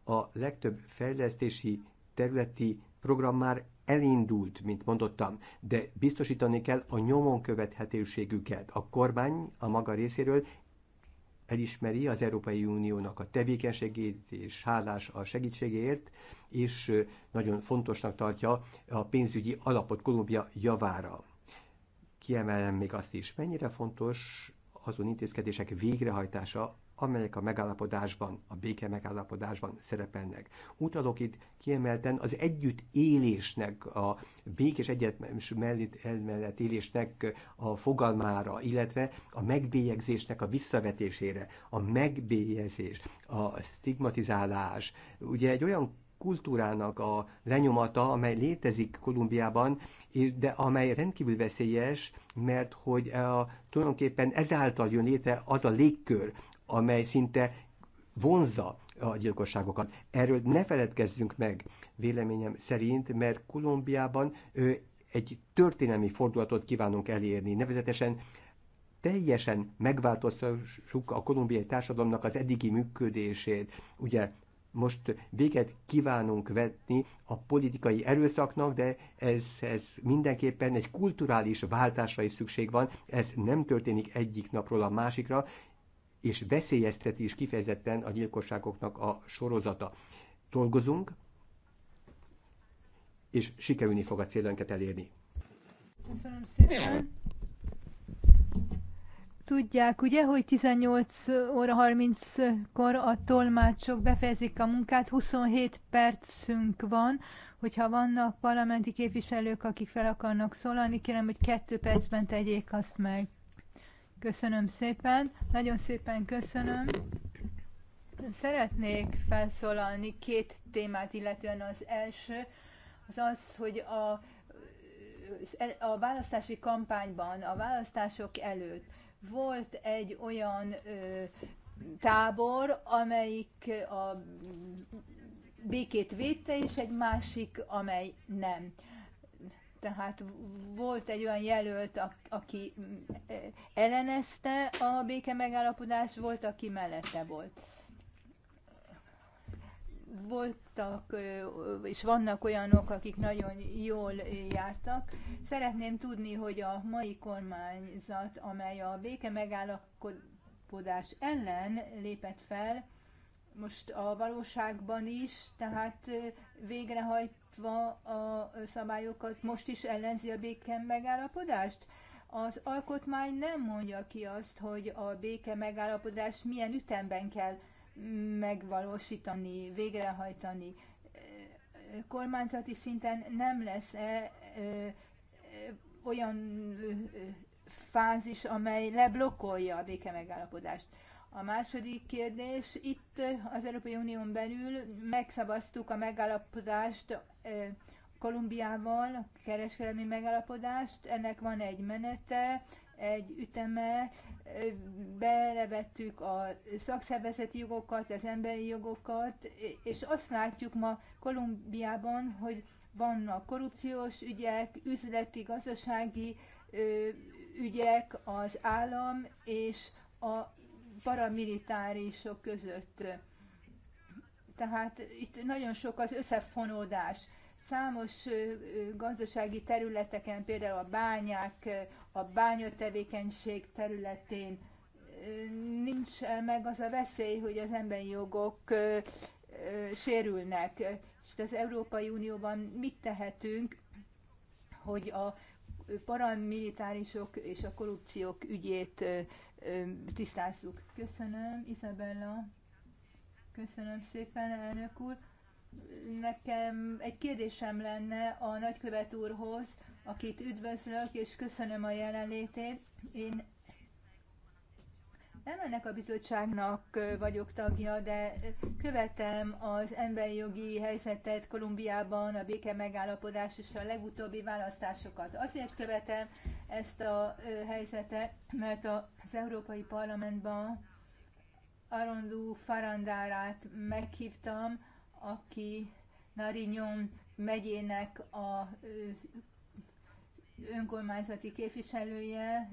a legtöbb fejlesztési területi program már elindult, mint mondottam, de biztosítani kell a nyomon követhetőségüket. A kormány a maga részéről elismeri az Európai Uniónak a tevékenységét, és hálás a segítségért, és nagyon fontosnak tartja a pénzügyi alapot Kolumbia javára. Kiemelem még azt is, mennyire fontos azon intézkedések végrehajtása, amelyek a megállapodásban, a béke megállapodásban szerepelnek. Utalok itt kiemelten az együtt élésnek, a békés egyetemes mellett élésnek a fogalmára, illetve a megbélyegzésnek a visszavetésére. A megbélyezés, a stigmatizálás, ugye egy olyan kultúrának a lenyomata, amely létezik Kolumbiában, de amely rendkívül veszélyes, mert hogy e, a, tulajdonképpen ezáltal jön létre az a légkör, amely szinte vonza a gyilkosságokat. Erről ne feledkezzünk meg, véleményem szerint, mert Kolumbiában egy történelmi fordulatot kívánunk elérni, nevezetesen teljesen megváltoztassuk a kolumbiai társadalomnak az eddigi működését. Ugye most véget kívánunk vetni a politikai erőszaknak, de ez, ez mindenképpen egy kulturális váltásra is szükség van, ez nem történik egyik napról a másikra, és veszélyezteti is kifejezetten a gyilkosságoknak a sorozata. Dolgozunk, és sikerülni fog a célunkat elérni. Köszönöm szépen. Tudják ugye, hogy 18 óra 30-kor a tolmácsok befejezik a munkát, 27 percünk van, hogyha vannak parlamenti képviselők, akik fel akarnak szólalni, kérem, hogy kettő percben tegyék azt meg. Köszönöm szépen, nagyon szépen köszönöm. Szeretnék felszólalni két témát, illetően az első, az az, hogy a, a választási kampányban, a választások előtt volt egy olyan ö, tábor, amelyik a békét védte, és egy másik, amely nem. Tehát volt egy olyan jelölt, aki mm, ellenezte a béke megállapodás, volt, aki mellette volt. Voltak és vannak olyanok, akik nagyon jól jártak. Szeretném tudni, hogy a mai kormányzat, amely a béke megállapodás ellen lépett fel, most a valóságban is, tehát végrehajt betartva a szabályokat, most is ellenzi a béken megállapodást? Az alkotmány nem mondja ki azt, hogy a béke megállapodást milyen ütemben kell megvalósítani, végrehajtani. Kormányzati szinten nem lesz -e olyan fázis, amely leblokkolja a béke megállapodást. A második kérdés, itt az Európai Unión belül megszavaztuk a megállapodást Kolumbiával kereskedelmi megalapodást, ennek van egy menete, egy üteme, belevettük a szakszervezeti jogokat, az emberi jogokat, és azt látjuk ma Kolumbiában, hogy vannak korrupciós ügyek, üzleti, gazdasági ügyek az állam és a paramilitárisok között. Tehát itt nagyon sok az összefonódás. Számos gazdasági területeken, például a bányák, a bányatevékenység területén nincs meg az a veszély, hogy az emberi jogok sérülnek. És az Európai Unióban mit tehetünk, hogy a paramilitárisok és a korrupciók ügyét tisztázzuk. Köszönöm, Isabella. Köszönöm szépen, elnök úr. Nekem egy kérdésem lenne a nagykövet úrhoz, akit üdvözlök, és köszönöm a jelenlétét. Én nem ennek a bizottságnak vagyok tagja, de követem az emberi jogi helyzetet Kolumbiában, a béke megállapodás és a legutóbbi választásokat. Azért követem ezt a helyzetet, mert az Európai Parlamentben Arondú Farandárát meghívtam, aki Narinyom megyének a önkormányzati képviselője,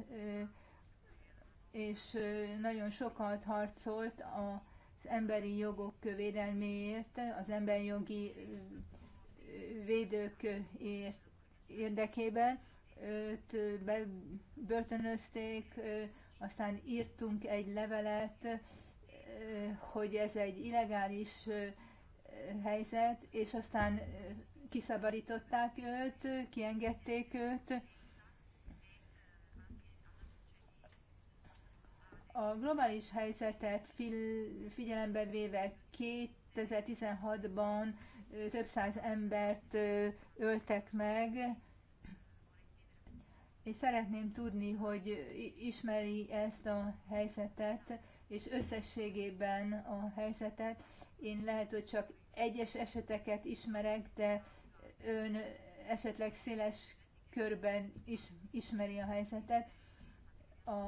és nagyon sokat harcolt az emberi jogok védelméért, az emberi jogi védők érdekében. Őt börtönözték, aztán írtunk egy levelet, hogy ez egy illegális helyzet, és aztán kiszabadították őt, kiengedték őt. A globális helyzetet figyelembe véve 2016-ban több száz embert öltek meg, és szeretném tudni, hogy ismeri ezt a helyzetet, és összességében a helyzetet. Én lehet, hogy csak egyes eseteket ismerek, de ön esetleg széles körben is ismeri a helyzetet. A,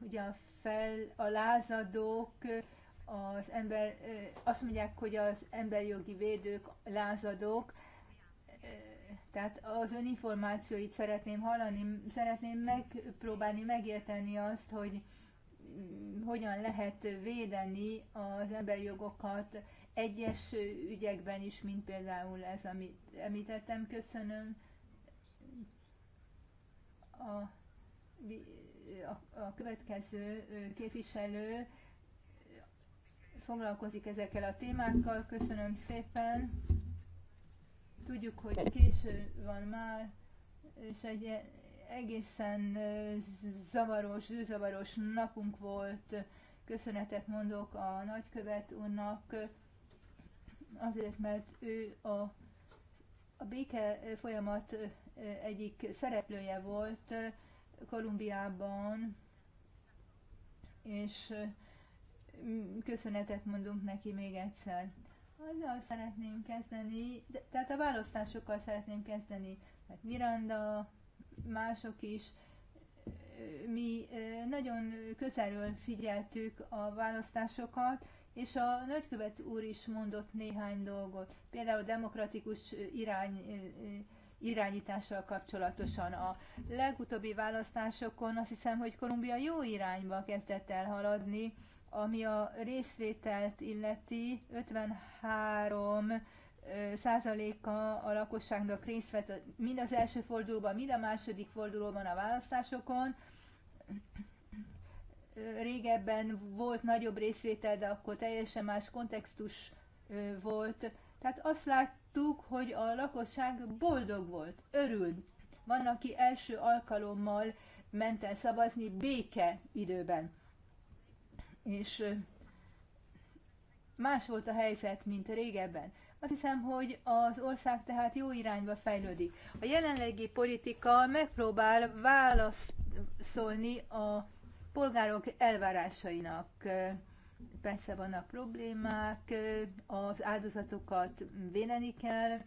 ugye a, fel, a lázadók, az ember, azt mondják, hogy az emberjogi védők lázadók, tehát az ön információit szeretném hallani, szeretném megpróbálni megérteni azt, hogy hogyan lehet védeni az emberi jogokat egyes ügyekben is, mint például ez, amit említettem. Köszönöm a, a, a következő képviselő foglalkozik ezekkel a témákkal. Köszönöm szépen. Tudjuk, hogy késő van már, és egy egészen zavaros, zűrzavaros napunk volt. Köszönetet mondok a nagykövet úrnak, azért, mert ő a, a béke folyamat egyik szereplője volt Kolumbiában, és köszönetet mondunk neki még egyszer. Azzal szeretném kezdeni, de, tehát a választásokkal szeretném kezdeni, mert hát Miranda mások is. Mi nagyon közelről figyeltük a választásokat, és a nagykövet úr is mondott néhány dolgot, például a demokratikus irány, irányítással kapcsolatosan. A legutóbbi választásokon azt hiszem, hogy Kolumbia jó irányba kezdett el haladni, ami a részvételt illeti 53 százaléka a lakosságnak részt vett mind az első fordulóban, mind a második fordulóban a választásokon. Régebben volt nagyobb részvétel, de akkor teljesen más kontextus volt. Tehát azt láttuk, hogy a lakosság boldog volt, örült. Van, aki első alkalommal ment el szavazni béke időben. És más volt a helyzet, mint régebben. Azt hiszem, hogy az ország tehát jó irányba fejlődik. A jelenlegi politika megpróbál válaszolni a polgárok elvárásainak. Persze vannak problémák, az áldozatokat véleni kell,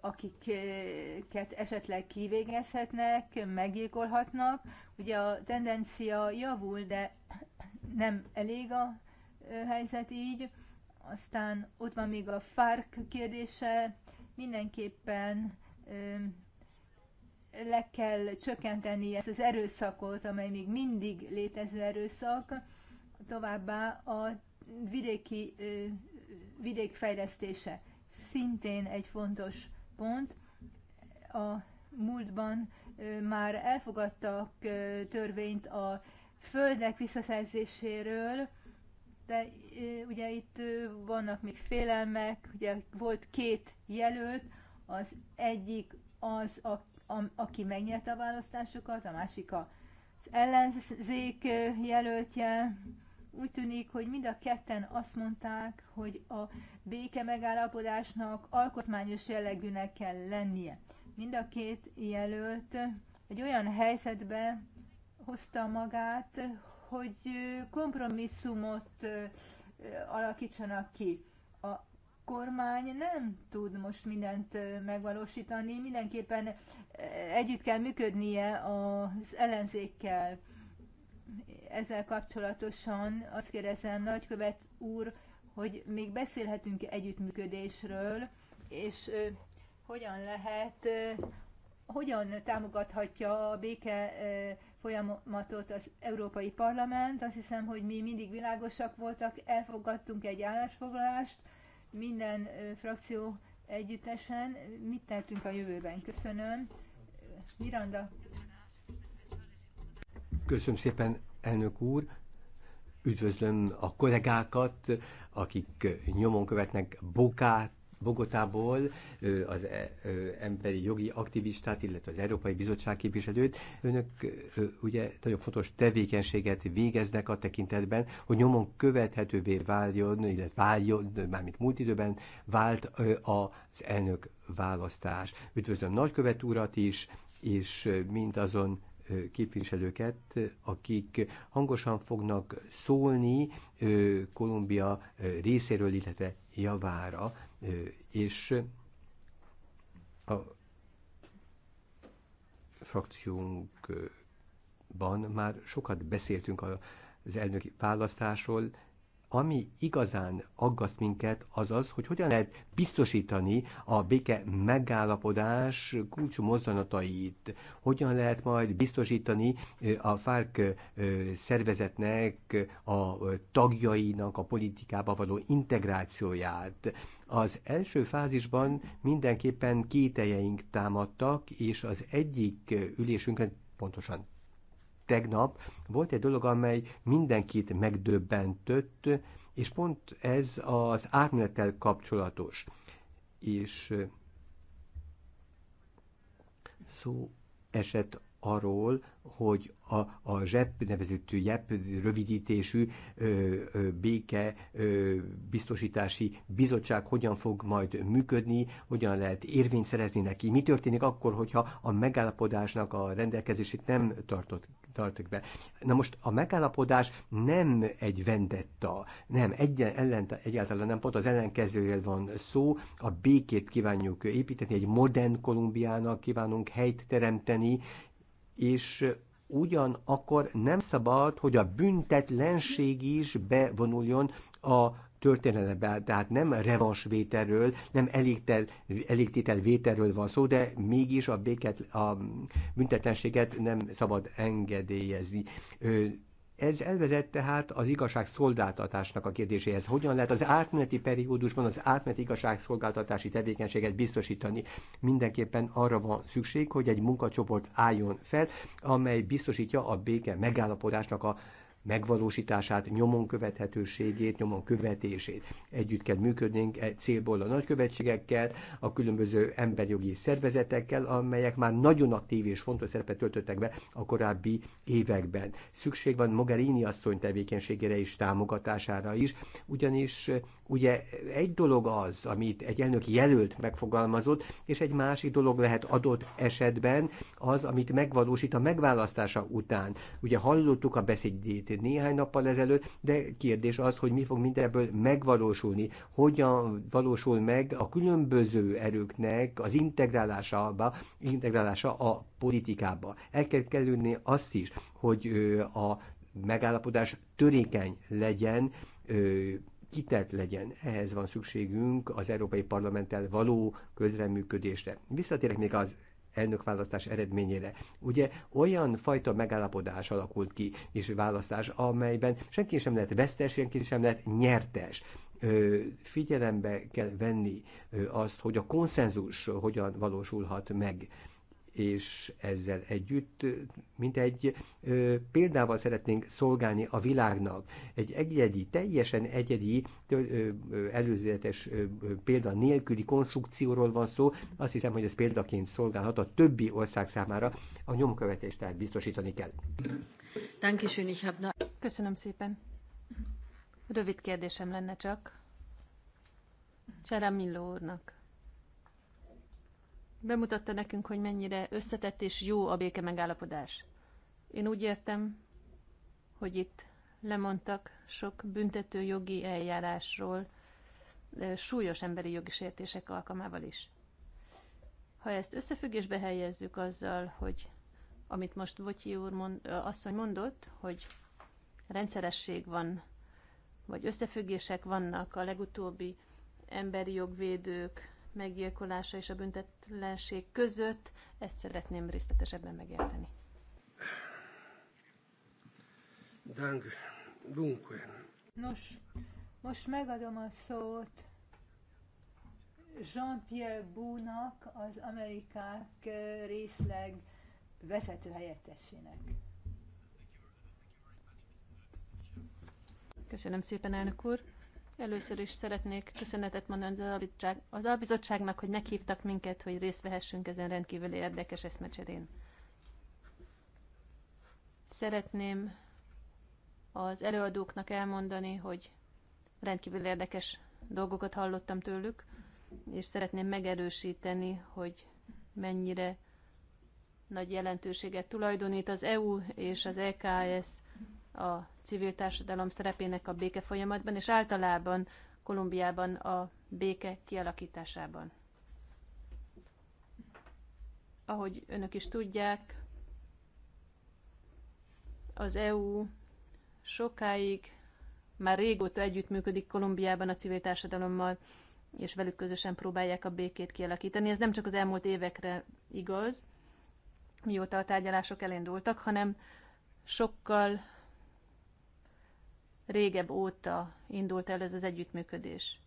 akiket esetleg kivégezhetnek, meggyilkolhatnak. Ugye a tendencia javul, de nem elég a helyzet így. Aztán ott van még a FARC kérdése, mindenképpen le kell csökkenteni ezt az erőszakot, amely még mindig létező erőszak, továbbá a vidéki, vidékfejlesztése szintén egy fontos pont. A múltban már elfogadtak törvényt a földek visszaszerzéséről, de ugye itt vannak még félelmek, ugye volt két jelölt, az egyik az, a, a, aki megnyerte a választásokat, a másik az ellenzék jelöltje. Úgy tűnik, hogy mind a ketten azt mondták, hogy a béke megállapodásnak alkotmányos jellegűnek kell lennie. Mind a két jelölt egy olyan helyzetbe hozta magát, hogy kompromisszumot alakítsanak ki. A kormány nem tud most mindent megvalósítani, mindenképpen együtt kell működnie az ellenzékkel. Ezzel kapcsolatosan azt kérdezem, nagykövet úr, hogy még beszélhetünk -e együttműködésről, és hogyan lehet, hogyan támogathatja a béke folyamatot az Európai Parlament. Azt hiszem, hogy mi mindig világosak voltak, elfogadtunk egy állásfoglalást, minden frakció együttesen. Mit tettünk a jövőben? Köszönöm. Miranda. Köszönöm szépen, elnök úr. Üdvözlöm a kollégákat, akik nyomon követnek Bokát, Bogotából az emberi jogi aktivistát, illetve az Európai Bizottság képviselőt. Önök ugye nagyon fontos tevékenységet végeznek a tekintetben, hogy nyomon követhetővé váljon, illetve váljon, mármint múlt időben vált az elnök választás. Üdvözlöm nagykövet urat is, és mindazon képviselőket, akik hangosan fognak szólni Kolumbia részéről, illetve javára és a frakciónkban már sokat beszéltünk az elnöki választásról, ami igazán aggaszt minket, az az, hogy hogyan lehet biztosítani a béke megállapodás kulcsú mozzanatait, hogyan lehet majd biztosítani a FARC szervezetnek, a tagjainak a politikába való integrációját. Az első fázisban mindenképpen kételjeink támadtak, és az egyik ülésünkön pontosan tegnap, volt egy dolog, amely mindenkit megdöbbentött, és pont ez az átmenettel kapcsolatos. És szó esett arról, hogy a, a ZSEP nevezetű JEP rövidítésű ö, ö, béke ö, biztosítási bizottság hogyan fog majd működni, hogyan lehet érvényt szerezni neki, mi történik akkor, hogyha a megállapodásnak a rendelkezését nem tartott tartjuk be. Na most a megállapodás nem egy vendetta, nem, egy ellen, egyáltalán nem, pont az ellenkezőjel van szó, a békét kívánjuk építeni, egy modern Kolumbiának kívánunk helyt teremteni, és ugyanakkor nem szabad, hogy a büntetlenség is bevonuljon a történelemben, tehát nem revansvételről, nem elégtel, elégtétel vételről van szó, de mégis a béket, a büntetlenséget nem szabad engedélyezni. Ez elvezett tehát az igazságszolgáltatásnak a kérdéséhez. Hogyan lehet az átmeneti periódusban az átmeneti igazságszolgáltatási tevékenységet biztosítani? Mindenképpen arra van szükség, hogy egy munkacsoport álljon fel, amely biztosítja a béke megállapodásnak a megvalósítását, nyomon követhetőségét, nyomon követését. Együtt kell működnünk egy célból a nagykövetségekkel, a különböző emberjogi szervezetekkel, amelyek már nagyon aktív és fontos szerepet töltöttek be a korábbi években. Szükség van Mogherini asszony tevékenységére és támogatására is, ugyanis e, ugye egy dolog az, amit egy elnök jelölt megfogalmazott, és egy másik dolog lehet adott esetben az, amit megvalósít a megválasztása után. Ugye hallottuk a beszédét történt néhány nappal ezelőtt, de kérdés az, hogy mi fog mindebből megvalósulni, hogyan valósul meg a különböző erőknek az integrálásába, integrálása a politikába. El kell kerülni azt is, hogy a megállapodás törékeny legyen, kitett legyen. Ehhez van szükségünk az Európai Parlamenttel való közreműködésre. Visszatérek még az elnökválasztás eredményére. Ugye olyan fajta megállapodás alakult ki, és választás, amelyben senki sem lett vesztes, senki sem lett nyertes figyelembe kell venni azt, hogy a konszenzus hogyan valósulhat meg és ezzel együtt mint egy példával szeretnénk szolgálni a világnak. Egy egyedi, teljesen egyedi, előzetes példa nélküli konstrukcióról van szó, azt hiszem, hogy ez példaként szolgálhat a többi ország számára, a nyomkövetést tehát biztosítani kell. Köszönöm szépen. Rövid kérdésem lenne csak. Csára Milló úrnak. Bemutatta nekünk, hogy mennyire összetett és jó a béke megállapodás. Én úgy értem, hogy itt lemondtak sok büntető jogi eljárásról, súlyos emberi jogi sértések alkalmával is. Ha ezt összefüggésbe helyezzük azzal, hogy amit most Votyi úr mond, asszony mondott, hogy rendszeresség van, vagy összefüggések vannak a legutóbbi emberi jogvédők meggyilkolása és a büntetlenség között. Ezt szeretném részletesebben megérteni. Dank. Dunque. Nos, most megadom a szót Jean-Pierre Bounak, az Amerikák részleg vezető helyettesének. Köszönöm szépen, elnök úr! Először is szeretnék köszönetet mondani az, albizottság, az albizottságnak, hogy meghívtak minket, hogy részt vehessünk ezen rendkívül érdekes eszmecserén. Szeretném az előadóknak elmondani, hogy rendkívül érdekes dolgokat hallottam tőlük, és szeretném megerősíteni, hogy mennyire nagy jelentőséget tulajdonít az EU és az EKS a civil társadalom szerepének a béke folyamatban, és általában Kolumbiában a béke kialakításában. Ahogy önök is tudják, az EU sokáig már régóta együttműködik Kolumbiában a civil társadalommal, és velük közösen próbálják a békét kialakítani. Ez nem csak az elmúlt évekre igaz, mióta a tárgyalások elindultak, hanem sokkal régebb óta indult el ez az együttműködés.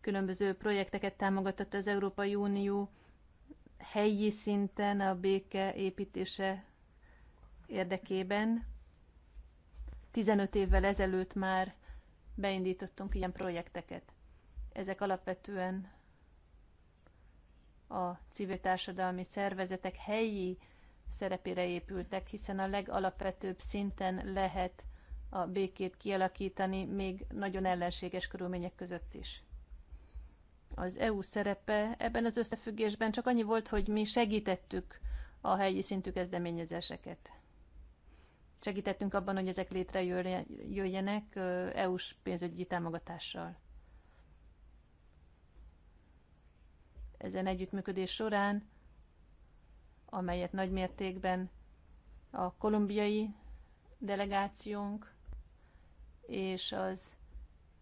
Különböző projekteket támogatott az Európai Unió helyi szinten a béke építése érdekében. 15 évvel ezelőtt már beindítottunk ilyen projekteket. Ezek alapvetően a civil társadalmi szervezetek helyi szerepére épültek, hiszen a legalapvetőbb szinten lehet a békét kialakítani még nagyon ellenséges körülmények között is. Az EU szerepe ebben az összefüggésben csak annyi volt, hogy mi segítettük a helyi szintű kezdeményezéseket. Segítettünk abban, hogy ezek létrejöjjenek EU-s pénzügyi támogatással. Ezen együttműködés során, amelyet nagymértékben a kolumbiai delegációnk és az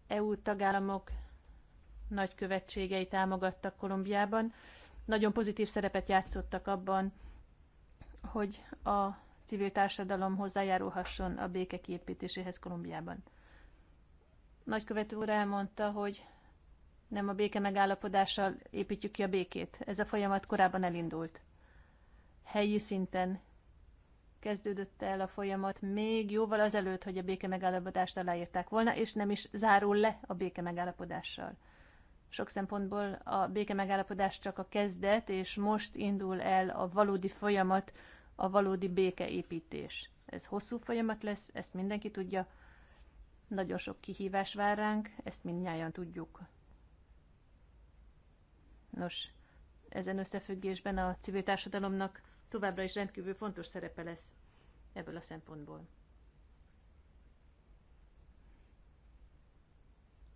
EU tagállamok nagykövetségei támogattak Kolumbiában. Nagyon pozitív szerepet játszottak abban, hogy a civil társadalom hozzájárulhasson a béke kiépítéséhez Kolumbiában. Nagykövet úr elmondta, hogy nem a béke megállapodással építjük ki a békét. Ez a folyamat korábban elindult. Helyi szinten kezdődött el a folyamat még jóval azelőtt, hogy a béke megállapodást aláírták volna, és nem is zárul le a béke megállapodással. Sok szempontból a béke megállapodás csak a kezdet, és most indul el a valódi folyamat, a valódi békeépítés. Ez hosszú folyamat lesz, ezt mindenki tudja. Nagyon sok kihívás vár ránk, ezt mindnyájan tudjuk. Nos, ezen összefüggésben a civil társadalomnak továbbra is rendkívül fontos szerepe lesz ebből a szempontból.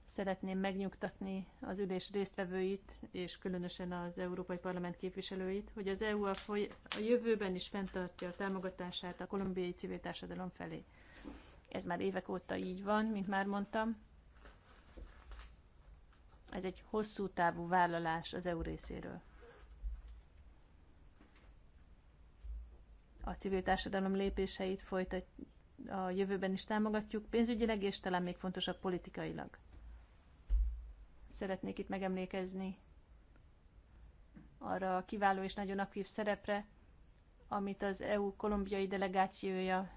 Szeretném megnyugtatni az ülés résztvevőit, és különösen az Európai Parlament képviselőit, hogy az EU a, foly- a jövőben is fenntartja a támogatását a kolumbiai civil társadalom felé. Ez már évek óta így van, mint már mondtam. Ez egy hosszú távú vállalás az EU részéről. a civil társadalom lépéseit folytat a jövőben is támogatjuk, pénzügyileg és talán még fontosabb politikailag. Szeretnék itt megemlékezni arra a kiváló és nagyon aktív szerepre, amit az EU kolumbiai delegációja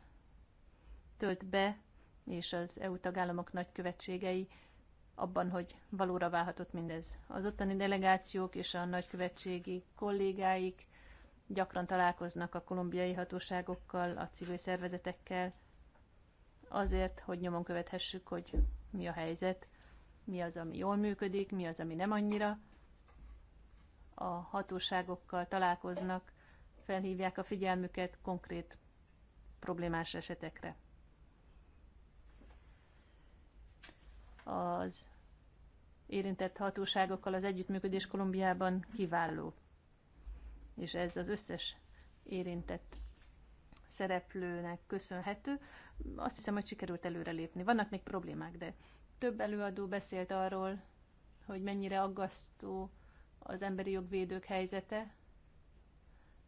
tölt be, és az EU tagállamok nagykövetségei abban, hogy valóra válhatott mindez. Az ottani delegációk és a nagykövetségi kollégáik gyakran találkoznak a kolumbiai hatóságokkal, a civil szervezetekkel, azért, hogy nyomon követhessük, hogy mi a helyzet, mi az, ami jól működik, mi az, ami nem annyira. A hatóságokkal találkoznak, felhívják a figyelmüket konkrét problémás esetekre. Az érintett hatóságokkal az együttműködés Kolumbiában kiváló és ez az összes érintett szereplőnek köszönhető. Azt hiszem, hogy sikerült előrelépni. Vannak még problémák, de több előadó beszélt arról, hogy mennyire aggasztó az emberi jogvédők helyzete,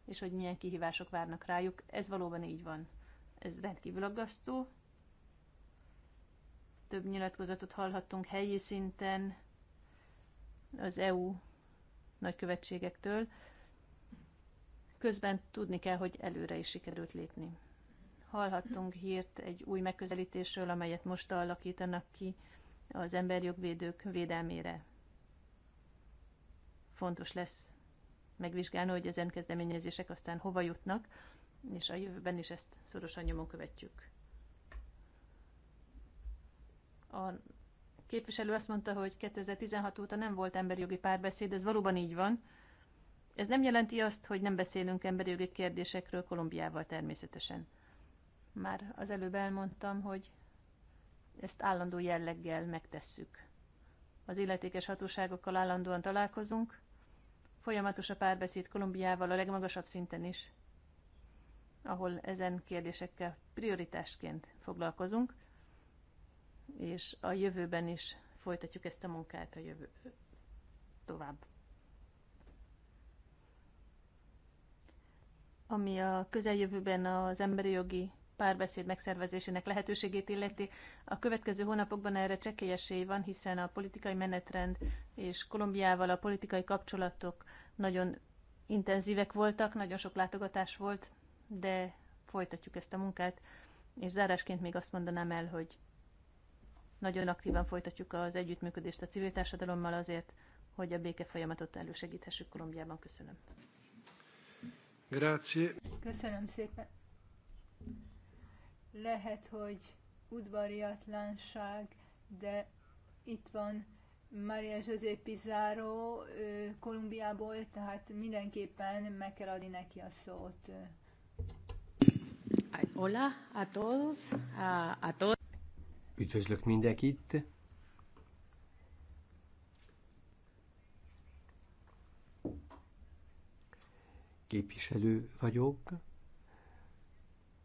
és hogy milyen kihívások várnak rájuk. Ez valóban így van. Ez rendkívül aggasztó. Több nyilatkozatot hallhattunk helyi szinten az EU nagykövetségektől, közben tudni kell, hogy előre is sikerült lépni. Hallhattunk hírt egy új megközelítésről, amelyet most alakítanak ki az emberjogvédők védelmére. Fontos lesz megvizsgálni, hogy ezen kezdeményezések aztán hova jutnak, és a jövőben is ezt szorosan nyomon követjük. A képviselő azt mondta, hogy 2016 óta nem volt emberjogi párbeszéd, ez valóban így van, ez nem jelenti azt, hogy nem beszélünk emberi jogi kérdésekről Kolumbiával természetesen. Már az előbb elmondtam, hogy ezt állandó jelleggel megtesszük. Az illetékes hatóságokkal állandóan találkozunk, folyamatos a párbeszéd Kolumbiával a legmagasabb szinten is, ahol ezen kérdésekkel prioritásként foglalkozunk, és a jövőben is folytatjuk ezt a munkát a jövő tovább. ami a közeljövőben az emberi jogi párbeszéd megszervezésének lehetőségét illeti. A következő hónapokban erre csekély esély van, hiszen a politikai menetrend és Kolumbiával a politikai kapcsolatok nagyon intenzívek voltak, nagyon sok látogatás volt, de folytatjuk ezt a munkát. És zárásként még azt mondanám el, hogy nagyon aktívan folytatjuk az együttműködést a civil társadalommal azért, hogy a béke folyamatot elősegíthessük Kolumbiában. Köszönöm. Grazie. Köszönöm szépen. Lehet, hogy udvariatlanság, de itt van Maria José Pizarro Kolumbiából, tehát mindenképpen meg kell adni neki a szót. Hola a todos, a, a todos. Üdvözlök mindenkit! képviselő vagyok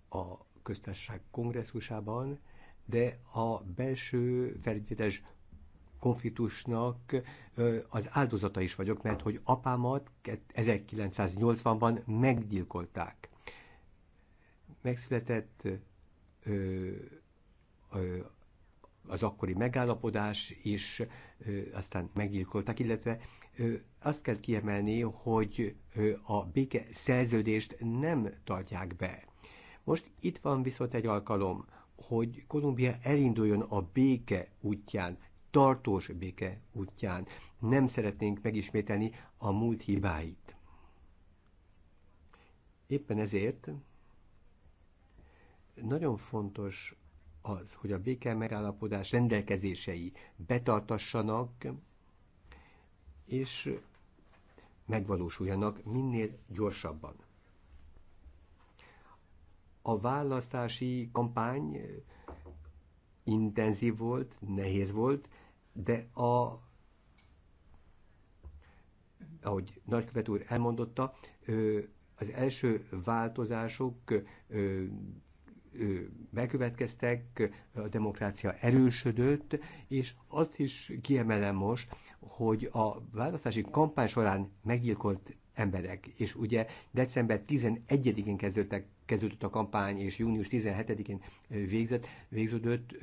a köztársaság kongresszusában, de a belső felügyeletes konfliktusnak az áldozata is vagyok, mert hogy apámat 1980-ban meggyilkolták. Megszületett ö, ö, az akkori megállapodás is aztán meggyilkoltak, illetve azt kell kiemelni, hogy a béke szerződést nem tartják be. Most itt van viszont egy alkalom, hogy Kolumbia elinduljon a béke útján, tartós béke útján. Nem szeretnénk megismételni a múlt hibáit. Éppen ezért nagyon fontos az, hogy a béke megállapodás rendelkezései betartassanak, és megvalósuljanak minél gyorsabban. A választási kampány intenzív volt, nehéz volt, de a ahogy nagykövet úr elmondotta, az első változások bekövetkeztek, a demokrácia erősödött, és azt is kiemelem most, hogy a választási kampány során meggyilkolt emberek, és ugye december 11-én kezdődött a kampány, és június 17-én végzett, végződött,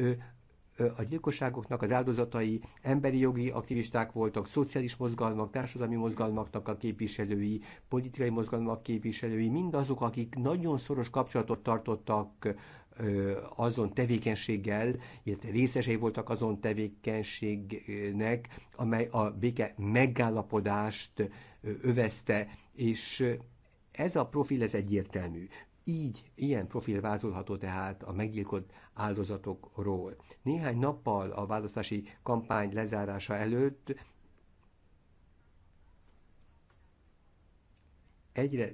a gyilkosságoknak az áldozatai emberi jogi aktivisták voltak, szociális mozgalmak, társadalmi mozgalmaknak a képviselői, politikai mozgalmak képviselői, mindazok, akik nagyon szoros kapcsolatot tartottak azon tevékenységgel, illetve részesei voltak azon tevékenységnek, amely a béke megállapodást övezte, és ez a profil, ez egyértelmű. Így, ilyen profil vázolható tehát a meggyilkolt áldozatokról. Néhány nappal a választási kampány lezárása előtt egyre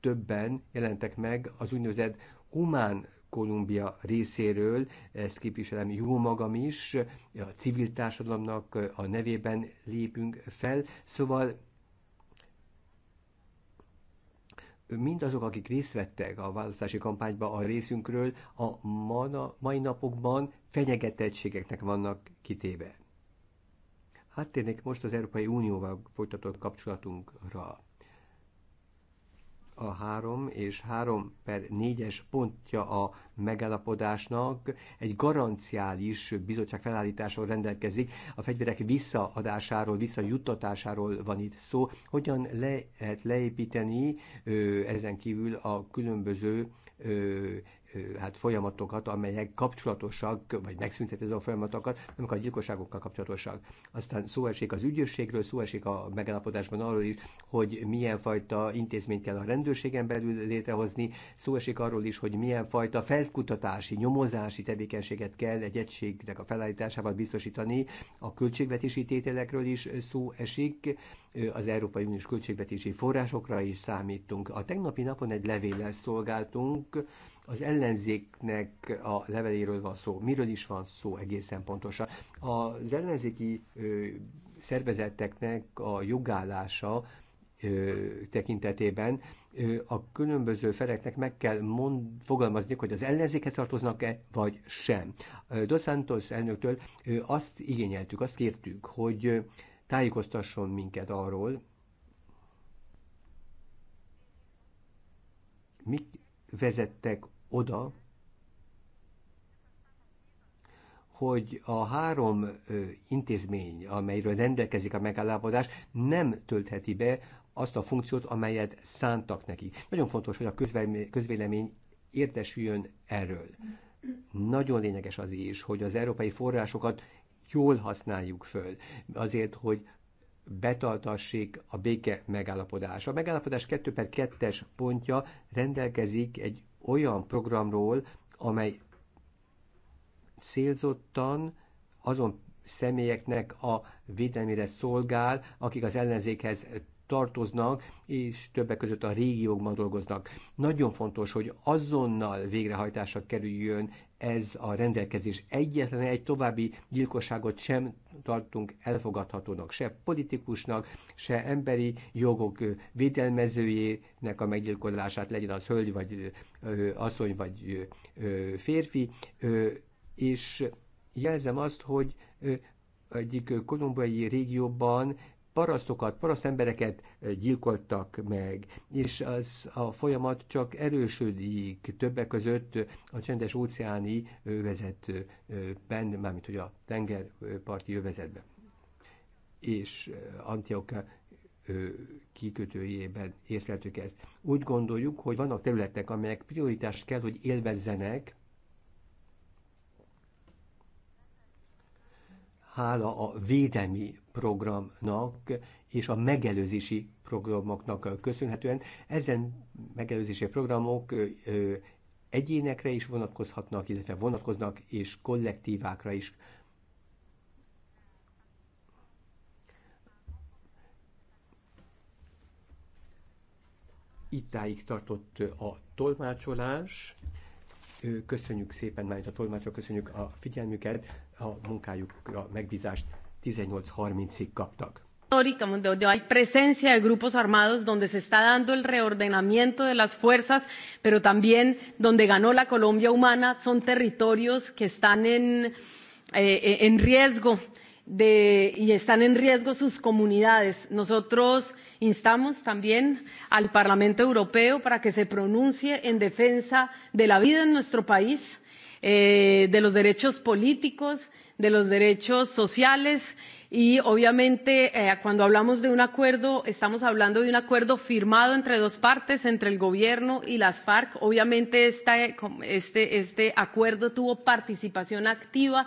többen jelentek meg az úgynevezett humán Kolumbia részéről, ezt képviselem jó magam is, a civil társadalomnak a nevében lépünk fel, szóval mindazok, akik részt vettek a választási kampányba a részünkről, a mai napokban fenyegetettségeknek vannak kitéve. Áttérnék most az Európai Unióval folytatott kapcsolatunkra a 3 és 3 per 4-es pontja a megállapodásnak egy garanciális bizottság felállításról rendelkezik. A fegyverek visszaadásáról, visszajuttatásáról van itt szó. Hogyan lehet leépíteni ö, ezen kívül a különböző ö, hát folyamatokat, amelyek kapcsolatosak, vagy megszünteti a folyamatokat, amik a gyilkosságokkal kapcsolatosak. Aztán szó esik az ügyészségről, szó esik a megállapodásban arról is, hogy milyen fajta intézményt kell a rendőrségen belül létrehozni, szó esik arról is, hogy milyen fajta felkutatási, nyomozási tevékenységet kell egy egységnek a felállításával biztosítani, a költségvetési tételekről is szó esik, az Európai Uniós költségvetési forrásokra is számítunk. A tegnapi napon egy levéllel szolgáltunk, az ellenzéknek a leveléről van szó. Miről is van szó egészen pontosan? Az ellenzéki ö, szervezeteknek a jogállása ö, tekintetében ö, a különböző feleknek meg kell mond, fogalmazni, hogy az ellenzékhez tartoznak-e, vagy sem. Dos Santos elnöktől ö, azt igényeltük, azt kértük, hogy tájékoztasson minket arról, mik vezettek oda, hogy a három intézmény, amelyről rendelkezik a megállapodás, nem töltheti be azt a funkciót, amelyet szántak neki. Nagyon fontos, hogy a közvélemény értesüljön erről. Nagyon lényeges az is, hogy az európai forrásokat jól használjuk föl, azért, hogy betartassék a béke megállapodás. A megállapodás 2 per 2-es pontja rendelkezik egy olyan programról, amely célzottan azon személyeknek a védelmére szolgál, akik az ellenzékhez tartoznak, és többek között a régiókban dolgoznak. Nagyon fontos, hogy azonnal végrehajtásra kerüljön ez a rendelkezés. Egyetlen egy további gyilkosságot sem tartunk elfogadhatónak, se politikusnak, se emberi jogok védelmezőjének a meggyilkolását, legyen az hölgy, vagy asszony, vagy férfi. és jelzem azt, hogy egyik kolumbiai régióban parasztokat, paraszt embereket gyilkoltak meg, és az a folyamat csak erősödik többek között a csendes óceáni övezetben, mármint hogy a tengerparti övezetben és Antioch kikötőjében észleltük ezt. Úgy gondoljuk, hogy vannak területek, amelyek prioritást kell, hogy élvezzenek, hála a védelmi programnak és a megelőzési programoknak köszönhetően. Ezen megelőzési programok egyénekre is vonatkozhatnak, illetve vonatkoznak, és kollektívákra is. Ittáig tartott a tolmácsolás. Köszönjük szépen, már a tolmácsok, köszönjük a figyelmüket a munkájukra megbízást 18.30-ig kaptak. histórica donde hay presencia de grupos armados, donde se está dando el reordenamiento de las fuerzas, pero también donde ganó la Colombia humana, son territorios que están en, eh, en riesgo de, y están en riesgo sus comunidades. Nosotros instamos también al Parlamento Europeo para que se pronuncie en defensa de la vida en nuestro país eh, de los derechos políticos, de los derechos sociales y obviamente eh, cuando hablamos de un acuerdo estamos hablando de un acuerdo firmado entre dos partes, entre el gobierno y las FARC. Obviamente esta, eh, este, este acuerdo tuvo participación activa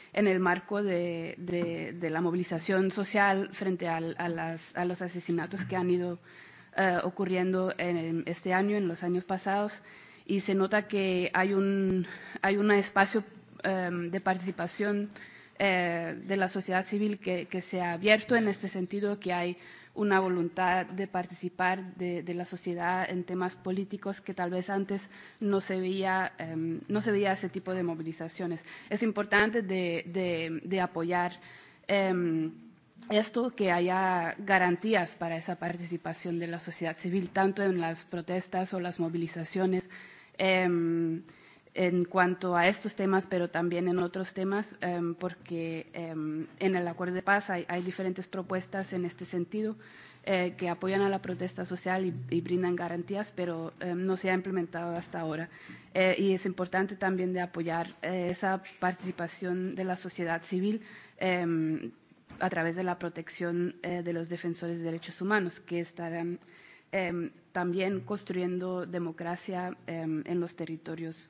en el marco de, de, de la movilización social frente al, a, las, a los asesinatos que han ido uh, ocurriendo en el, este año, en los años pasados, y se nota que hay un, hay un espacio um, de participación uh, de la sociedad civil que, que se ha abierto en este sentido, que hay uh, una voluntad de participar de, de la sociedad en temas políticos que tal vez antes no se veía, um, no se veía ese tipo de movilizaciones. Es importante de, de, de apoyar um, esto, que haya garantías para esa participación de la sociedad civil, tanto en las protestas o las movilizaciones. Eh, en cuanto a estos temas, pero también en otros temas, um, porque um, en el acuerdo de paz hay, hay diferentes propuestas en este sentido eh, que apoyan a la protesta social y, y brindan garantías, pero um, no se ha implementado hasta ahora. Eh, y es importante también de apoyar eh, esa participación de la sociedad civil eh, a través de la protección eh, de los defensores de derechos humanos, que estarán eh, también construyendo democracia eh, en los territorios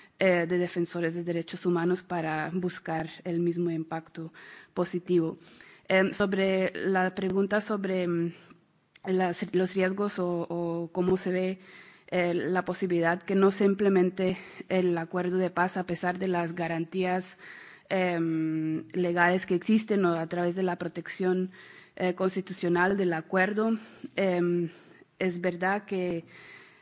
eh, de defensores de derechos humanos para buscar el mismo impacto positivo. Eh, sobre la pregunta sobre mm, las, los riesgos o, o cómo se ve eh, la posibilidad que no se implemente el acuerdo de paz a pesar de las garantías eh, legales que existen o a través de la protección eh, constitucional del acuerdo. Eh, es verdad que eh,